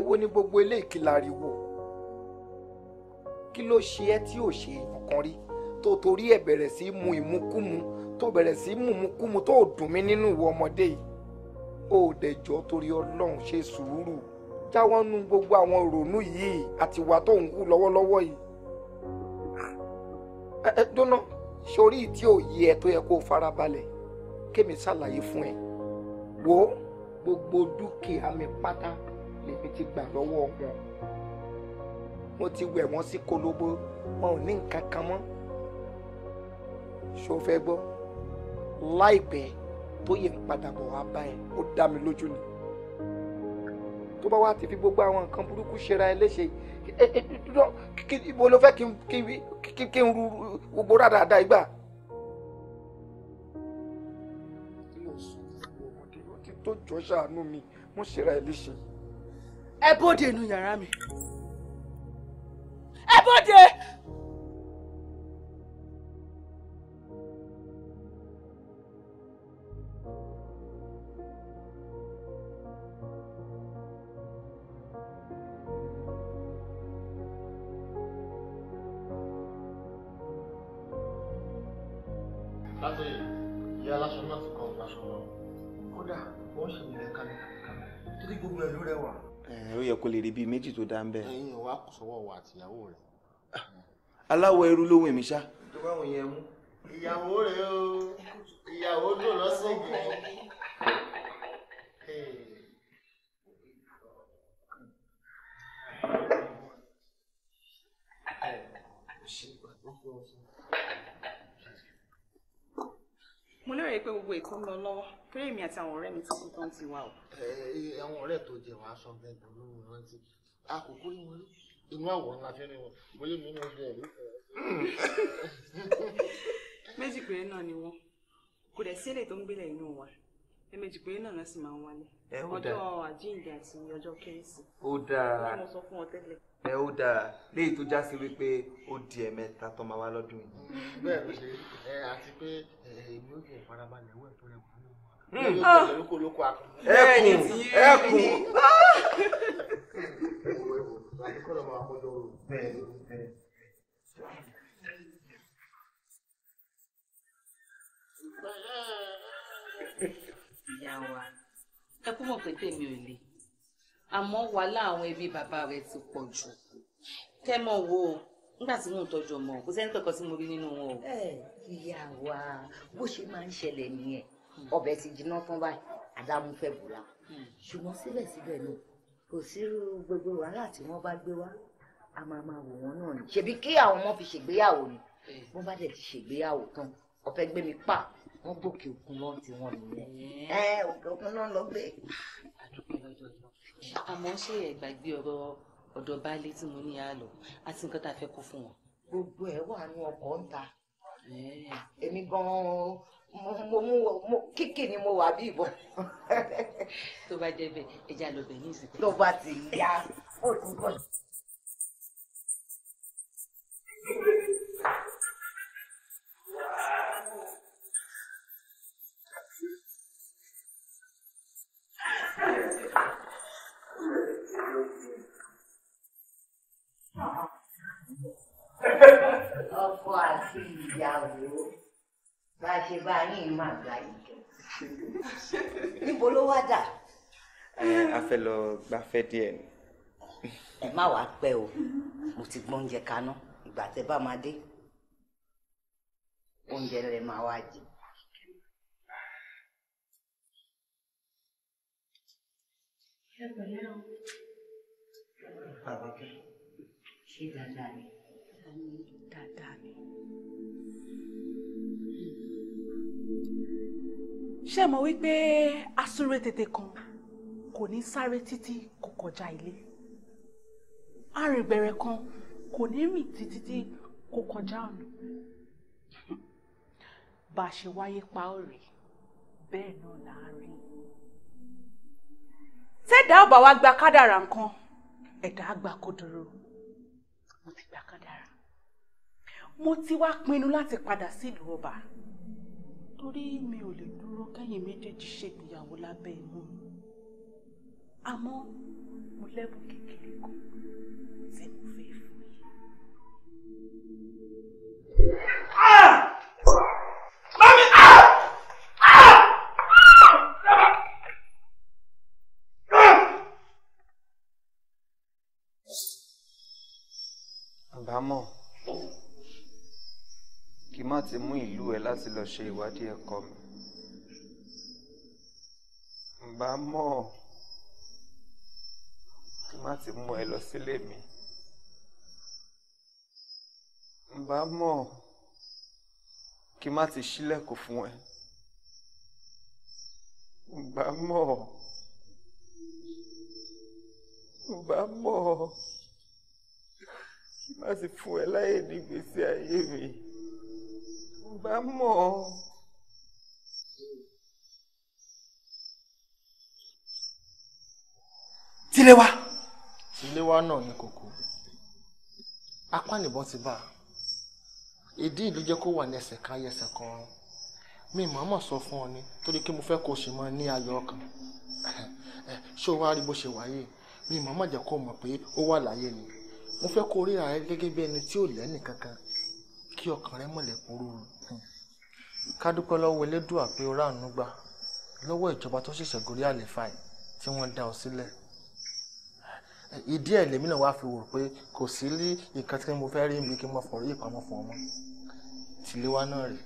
èwo ni gbogbo ilé ìkìláriwo kí ló ṣe ẹ́ tí ò ṣe ìkọ̀kan rí tó torí ẹ̀ bẹ̀rẹ̀ sí mu ìmukúmu tó bẹ̀rẹ̀ sí mùmukúmu tó dùn mí nínú ìwọ ọmọdé yìí ó dẹjọ́ torí ọlọ́run ṣe sùúrù jáwọ́ nu gbogbo àwọn ìrònú yìí àti ìwà tó ń hù lọ́wọ́lọ́wọ́ yìí ẹ ẹ dúná sórí tí ò yí ẹ tó yẹ kó o farabalẹ̀ kémi ṣàlàyé fún ẹ wo gbogbo dúkìá mi pátá lèmi ti gbà lọ́wọ́ wọn mo ti wẹ̀ wọ́n sí kolobo wọn ò ní nǹkan kan mọ́ ṣó fẹ́ gbọ́ láìpẹ́ tó yẹ ń padà bọ̀ wá báyìí ó dá mi lójú ni tó bá wá ti fi gbogbo àwọn nǹkan burúkú ṣera ẹ léṣe ibo ló fẹ́ kí n ru gbogbo rádàdà ìgbà. tó jọ ṣàánú mi mo ṣera ẹ léṣe ẹ bóde inú yàrá mi ẹ bóde. kò lè rí bíi méjì tó dá ń bẹ. ẹyin wa kò sọwọ́ wa àtìyàwó rẹ. aláwọ̀ ẹrú lóhùn èmi ṣá. ìyàwó rẹ o ìyàwó dùn lọ́sẹ̀gẹ̀. Thank you. mo lérò pé gbogbo ètò ń lọ lọ́wọ́ torí èmi àti àwọn ọ̀rẹ́ mi ti kún ti wà o. àwọn ọ̀rẹ́ tó jẹ wàá sọ bẹ́ẹ̀ pẹ̀lú ìrántí àkókò ìwọ̀n rí inú àwòrán la fi rí wọn mo lè mímú ọdún ẹ̀rí. méjì péré náà ni wọn kò dẹ̀ sí èlé tó ń gbélé inú wa ẹ̀ẹ̀mejì péré náà náà sì máa ń wálé ọjọ́ àjíǹde àti ọjọ́ kérésì. ó dáa. mo sọ fún ọ tẹ́lẹ̀ ẹ ó dáa léyìí tó já sí wípé ó di ẹ̀mẹ́ta tó máa wá lọ́dún yìí. bẹ́ẹ̀ ló ṣe ẹ àti pé èmi ò fi ìfarabalẹ̀ wẹ̀ tó rẹwà hmm. ah. ẹkùn ẹkùn. ìyá wa ẹ kú mọ̀ pé tèmi ò le àmọ́ wàhálà àwọn ẹbí bàbá rẹ̀ ti pọ̀ jù kẹ́ mọ̀ wo o nígbà tí mò ń tọ́jú ọmọ kò sẹ́ni kankan tí mo rí nínú wọn o. ẹ ìyá wa bó ṣe máa ń ṣẹlẹ̀ nìyẹn ọbẹ̀ ti jiná tán báyìí àdámú fẹ́ bùra hmm. ṣùgbọ́n síbẹ̀síbẹ̀ náà kò sí gbogbo wàhálà tí wọ́n bá gbé wá a máa máa wò wọ́n náà ni ṣebí kí àwọn ọmọ fi ṣègbéyàwó ni wọ́n bá dẹ̀ ti ṣègbéyàwó tán ọ̀fẹ́ gbé mi pa wọ́n gòkè òkun lọ́n ti wọ́n nìyẹn ẹ òkè òkun náà lọ gbé. àdúgbò lọ́jọ́ ìlọ àmọ́ ṣé ẹ gbàgbé ọ̀rọ̀ ọ̀dọ̀ baálé tí mo ní á lọ àti nǹkan tá a fẹ́ kó fún wọn. gbogbo ẹ wà ní ọkọ̀ ń ta èmi gan-an mo mú mo kíkì ni mo wà bí ìbọn. tó bá jẹ́ bẹ́ẹ̀ ẹ já lọ bẹ̀ ní ìsìnkú. tó bá ti yá ó ti bọ̀. Thank you. ọkọ àti ìyàwó bá ṣe bá yín máa gbà ìjọ níbo ló wá dà. a fẹ́ lọ gbafẹ́ díẹ̀ ni. ẹ má wàá pẹ́ o mo ti gbọ́ oúnjẹ kaná ìgbà tẹ́ bá máa dé oúnjẹ rẹ̀ máa wá jẹ. Thank you ṣé dáadáa ni. dáadáa ni. ṣé mọ̀ wípé asúré tètè kan kò ní sáré títí kò kọjá ilé arìnbẹ̀rẹ̀ kan kò ní rìn títí tí kò kọjá ọ̀nà bá a ṣe wáyé pa ó rèé bẹ́ẹ̀ náà là á rí tẹ́dàá ọ̀bà wa gba kádàrà nǹkan ẹ̀dá àgbà kò dúró mo ti gbà kádàrá mo ti wá pinnu láti padà sílùú ọba torí mi ò lè dúró kẹ́yìn méjèèjì ṣègbéyàwó lábẹ́ ìmú mi àmọ́ mo lẹ́bùn kékeré kan. bá mọ̀ kí má ti mú ìlú ẹ láti lọ ṣe ìwádìí ẹ̀kọ́ mi n bá mọ̀ kí má ti mú ẹ lọ sílé mi n kí má ti ṣílẹ̀kùn fún ẹ n bá má sì fún ẹ láyè ní ìgbésí ayé mi n bá mọ̀ ọ́. tiléwá. tiléwá náà ní kòkó apá nìbọn ti bá a ìdí ìlú jẹ́ kó wà ní ẹsẹ̀ kan ẹsẹ̀ kan ọ̀run mi mọ̀ọ́mọ̀ sọ fún ọ ni torí kí mo fẹ́ kó o ṣe mọ́ ní ayọ̀ ọkàn ṣé o wá rí bó ṣe wáyé mi mọ̀ọ́mọ̀ jẹ́ kó o mọ̀ pé ó wà láyé ni mo fẹ́ kó ríra rẹ gẹ́gẹ́ bí ẹni tí ò lẹ́nì kankan kí ọkàn rẹ mọ̀lẹ́ kúrú ká dúpẹ́ lọ́wọ́ elédùà pé o ráàánú gbà lọ́wọ́ ìjọba tó ṣẹ̀ṣẹ̀ gorí àlefa yìí tí wọ́n dá ọ sílẹ̀ ìdí ẹ̀ lèmi náà wá fi wò pé kò sí lí nǹkan tí mo fẹ́ rí mi kí n mọ̀ fọ̀rí ìpamọ́ fún ọmọ tìléwá náà rèé.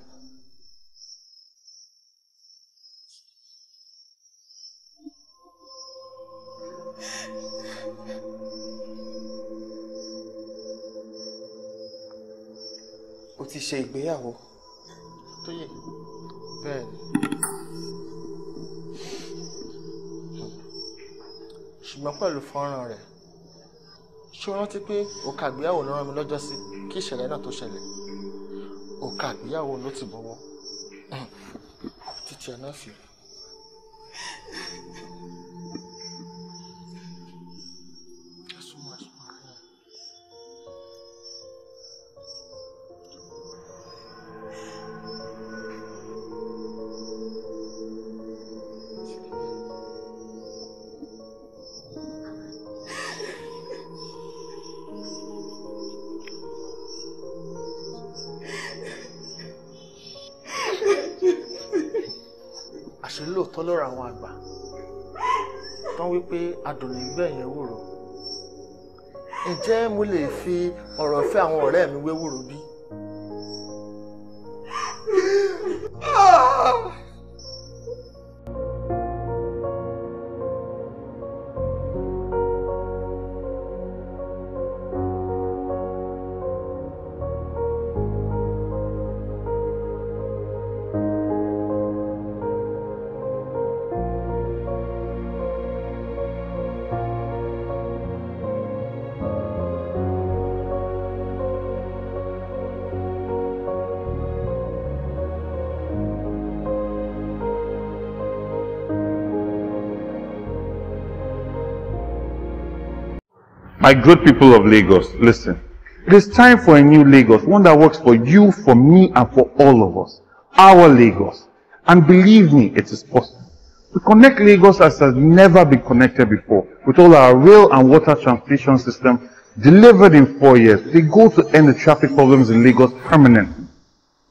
o ti ṣe ìgbéyàwó. Tóyè bẹ́ẹ̀ ni ṣùgbọ́n pẹ̀lú fọ́nrán rẹ̀ ṣé o rántí pé òkà ìgbéyàwó ló rán mi lọ́jọ́ sí kí ìṣẹ̀lẹ̀ náà tó ṣẹlẹ̀ òkà ìgbéyàwó ló ti bọ̀wọ́ hm. títí ẹ̀ náà fi tó lọ́rọ̀ àwọn àgbà tán wípé adùn ìgbẹ̀yìn ewúro ǹjẹ́ mo lè fi ọ̀rọ̀ fẹ́ àwọn ọ̀rẹ́ mi wéwúro bí? My good people of Lagos, listen. It is time for a new Lagos, one that works for you, for me, and for all of us. Our Lagos. And believe me, it is possible. to connect Lagos as has never been connected before, with all our rail and water transportation system delivered in four years. They go to end the traffic problems in Lagos permanently.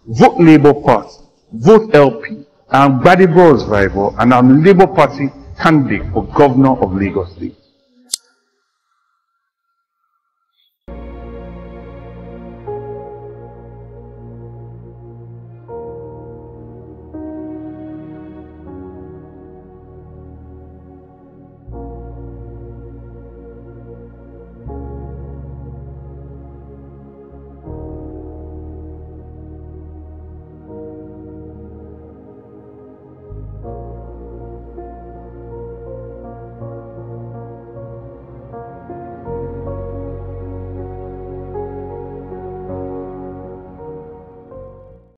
Vote Labour Party, vote LP, and Badibo is rival, and our Labour Party candidate for Governor of Lagos State.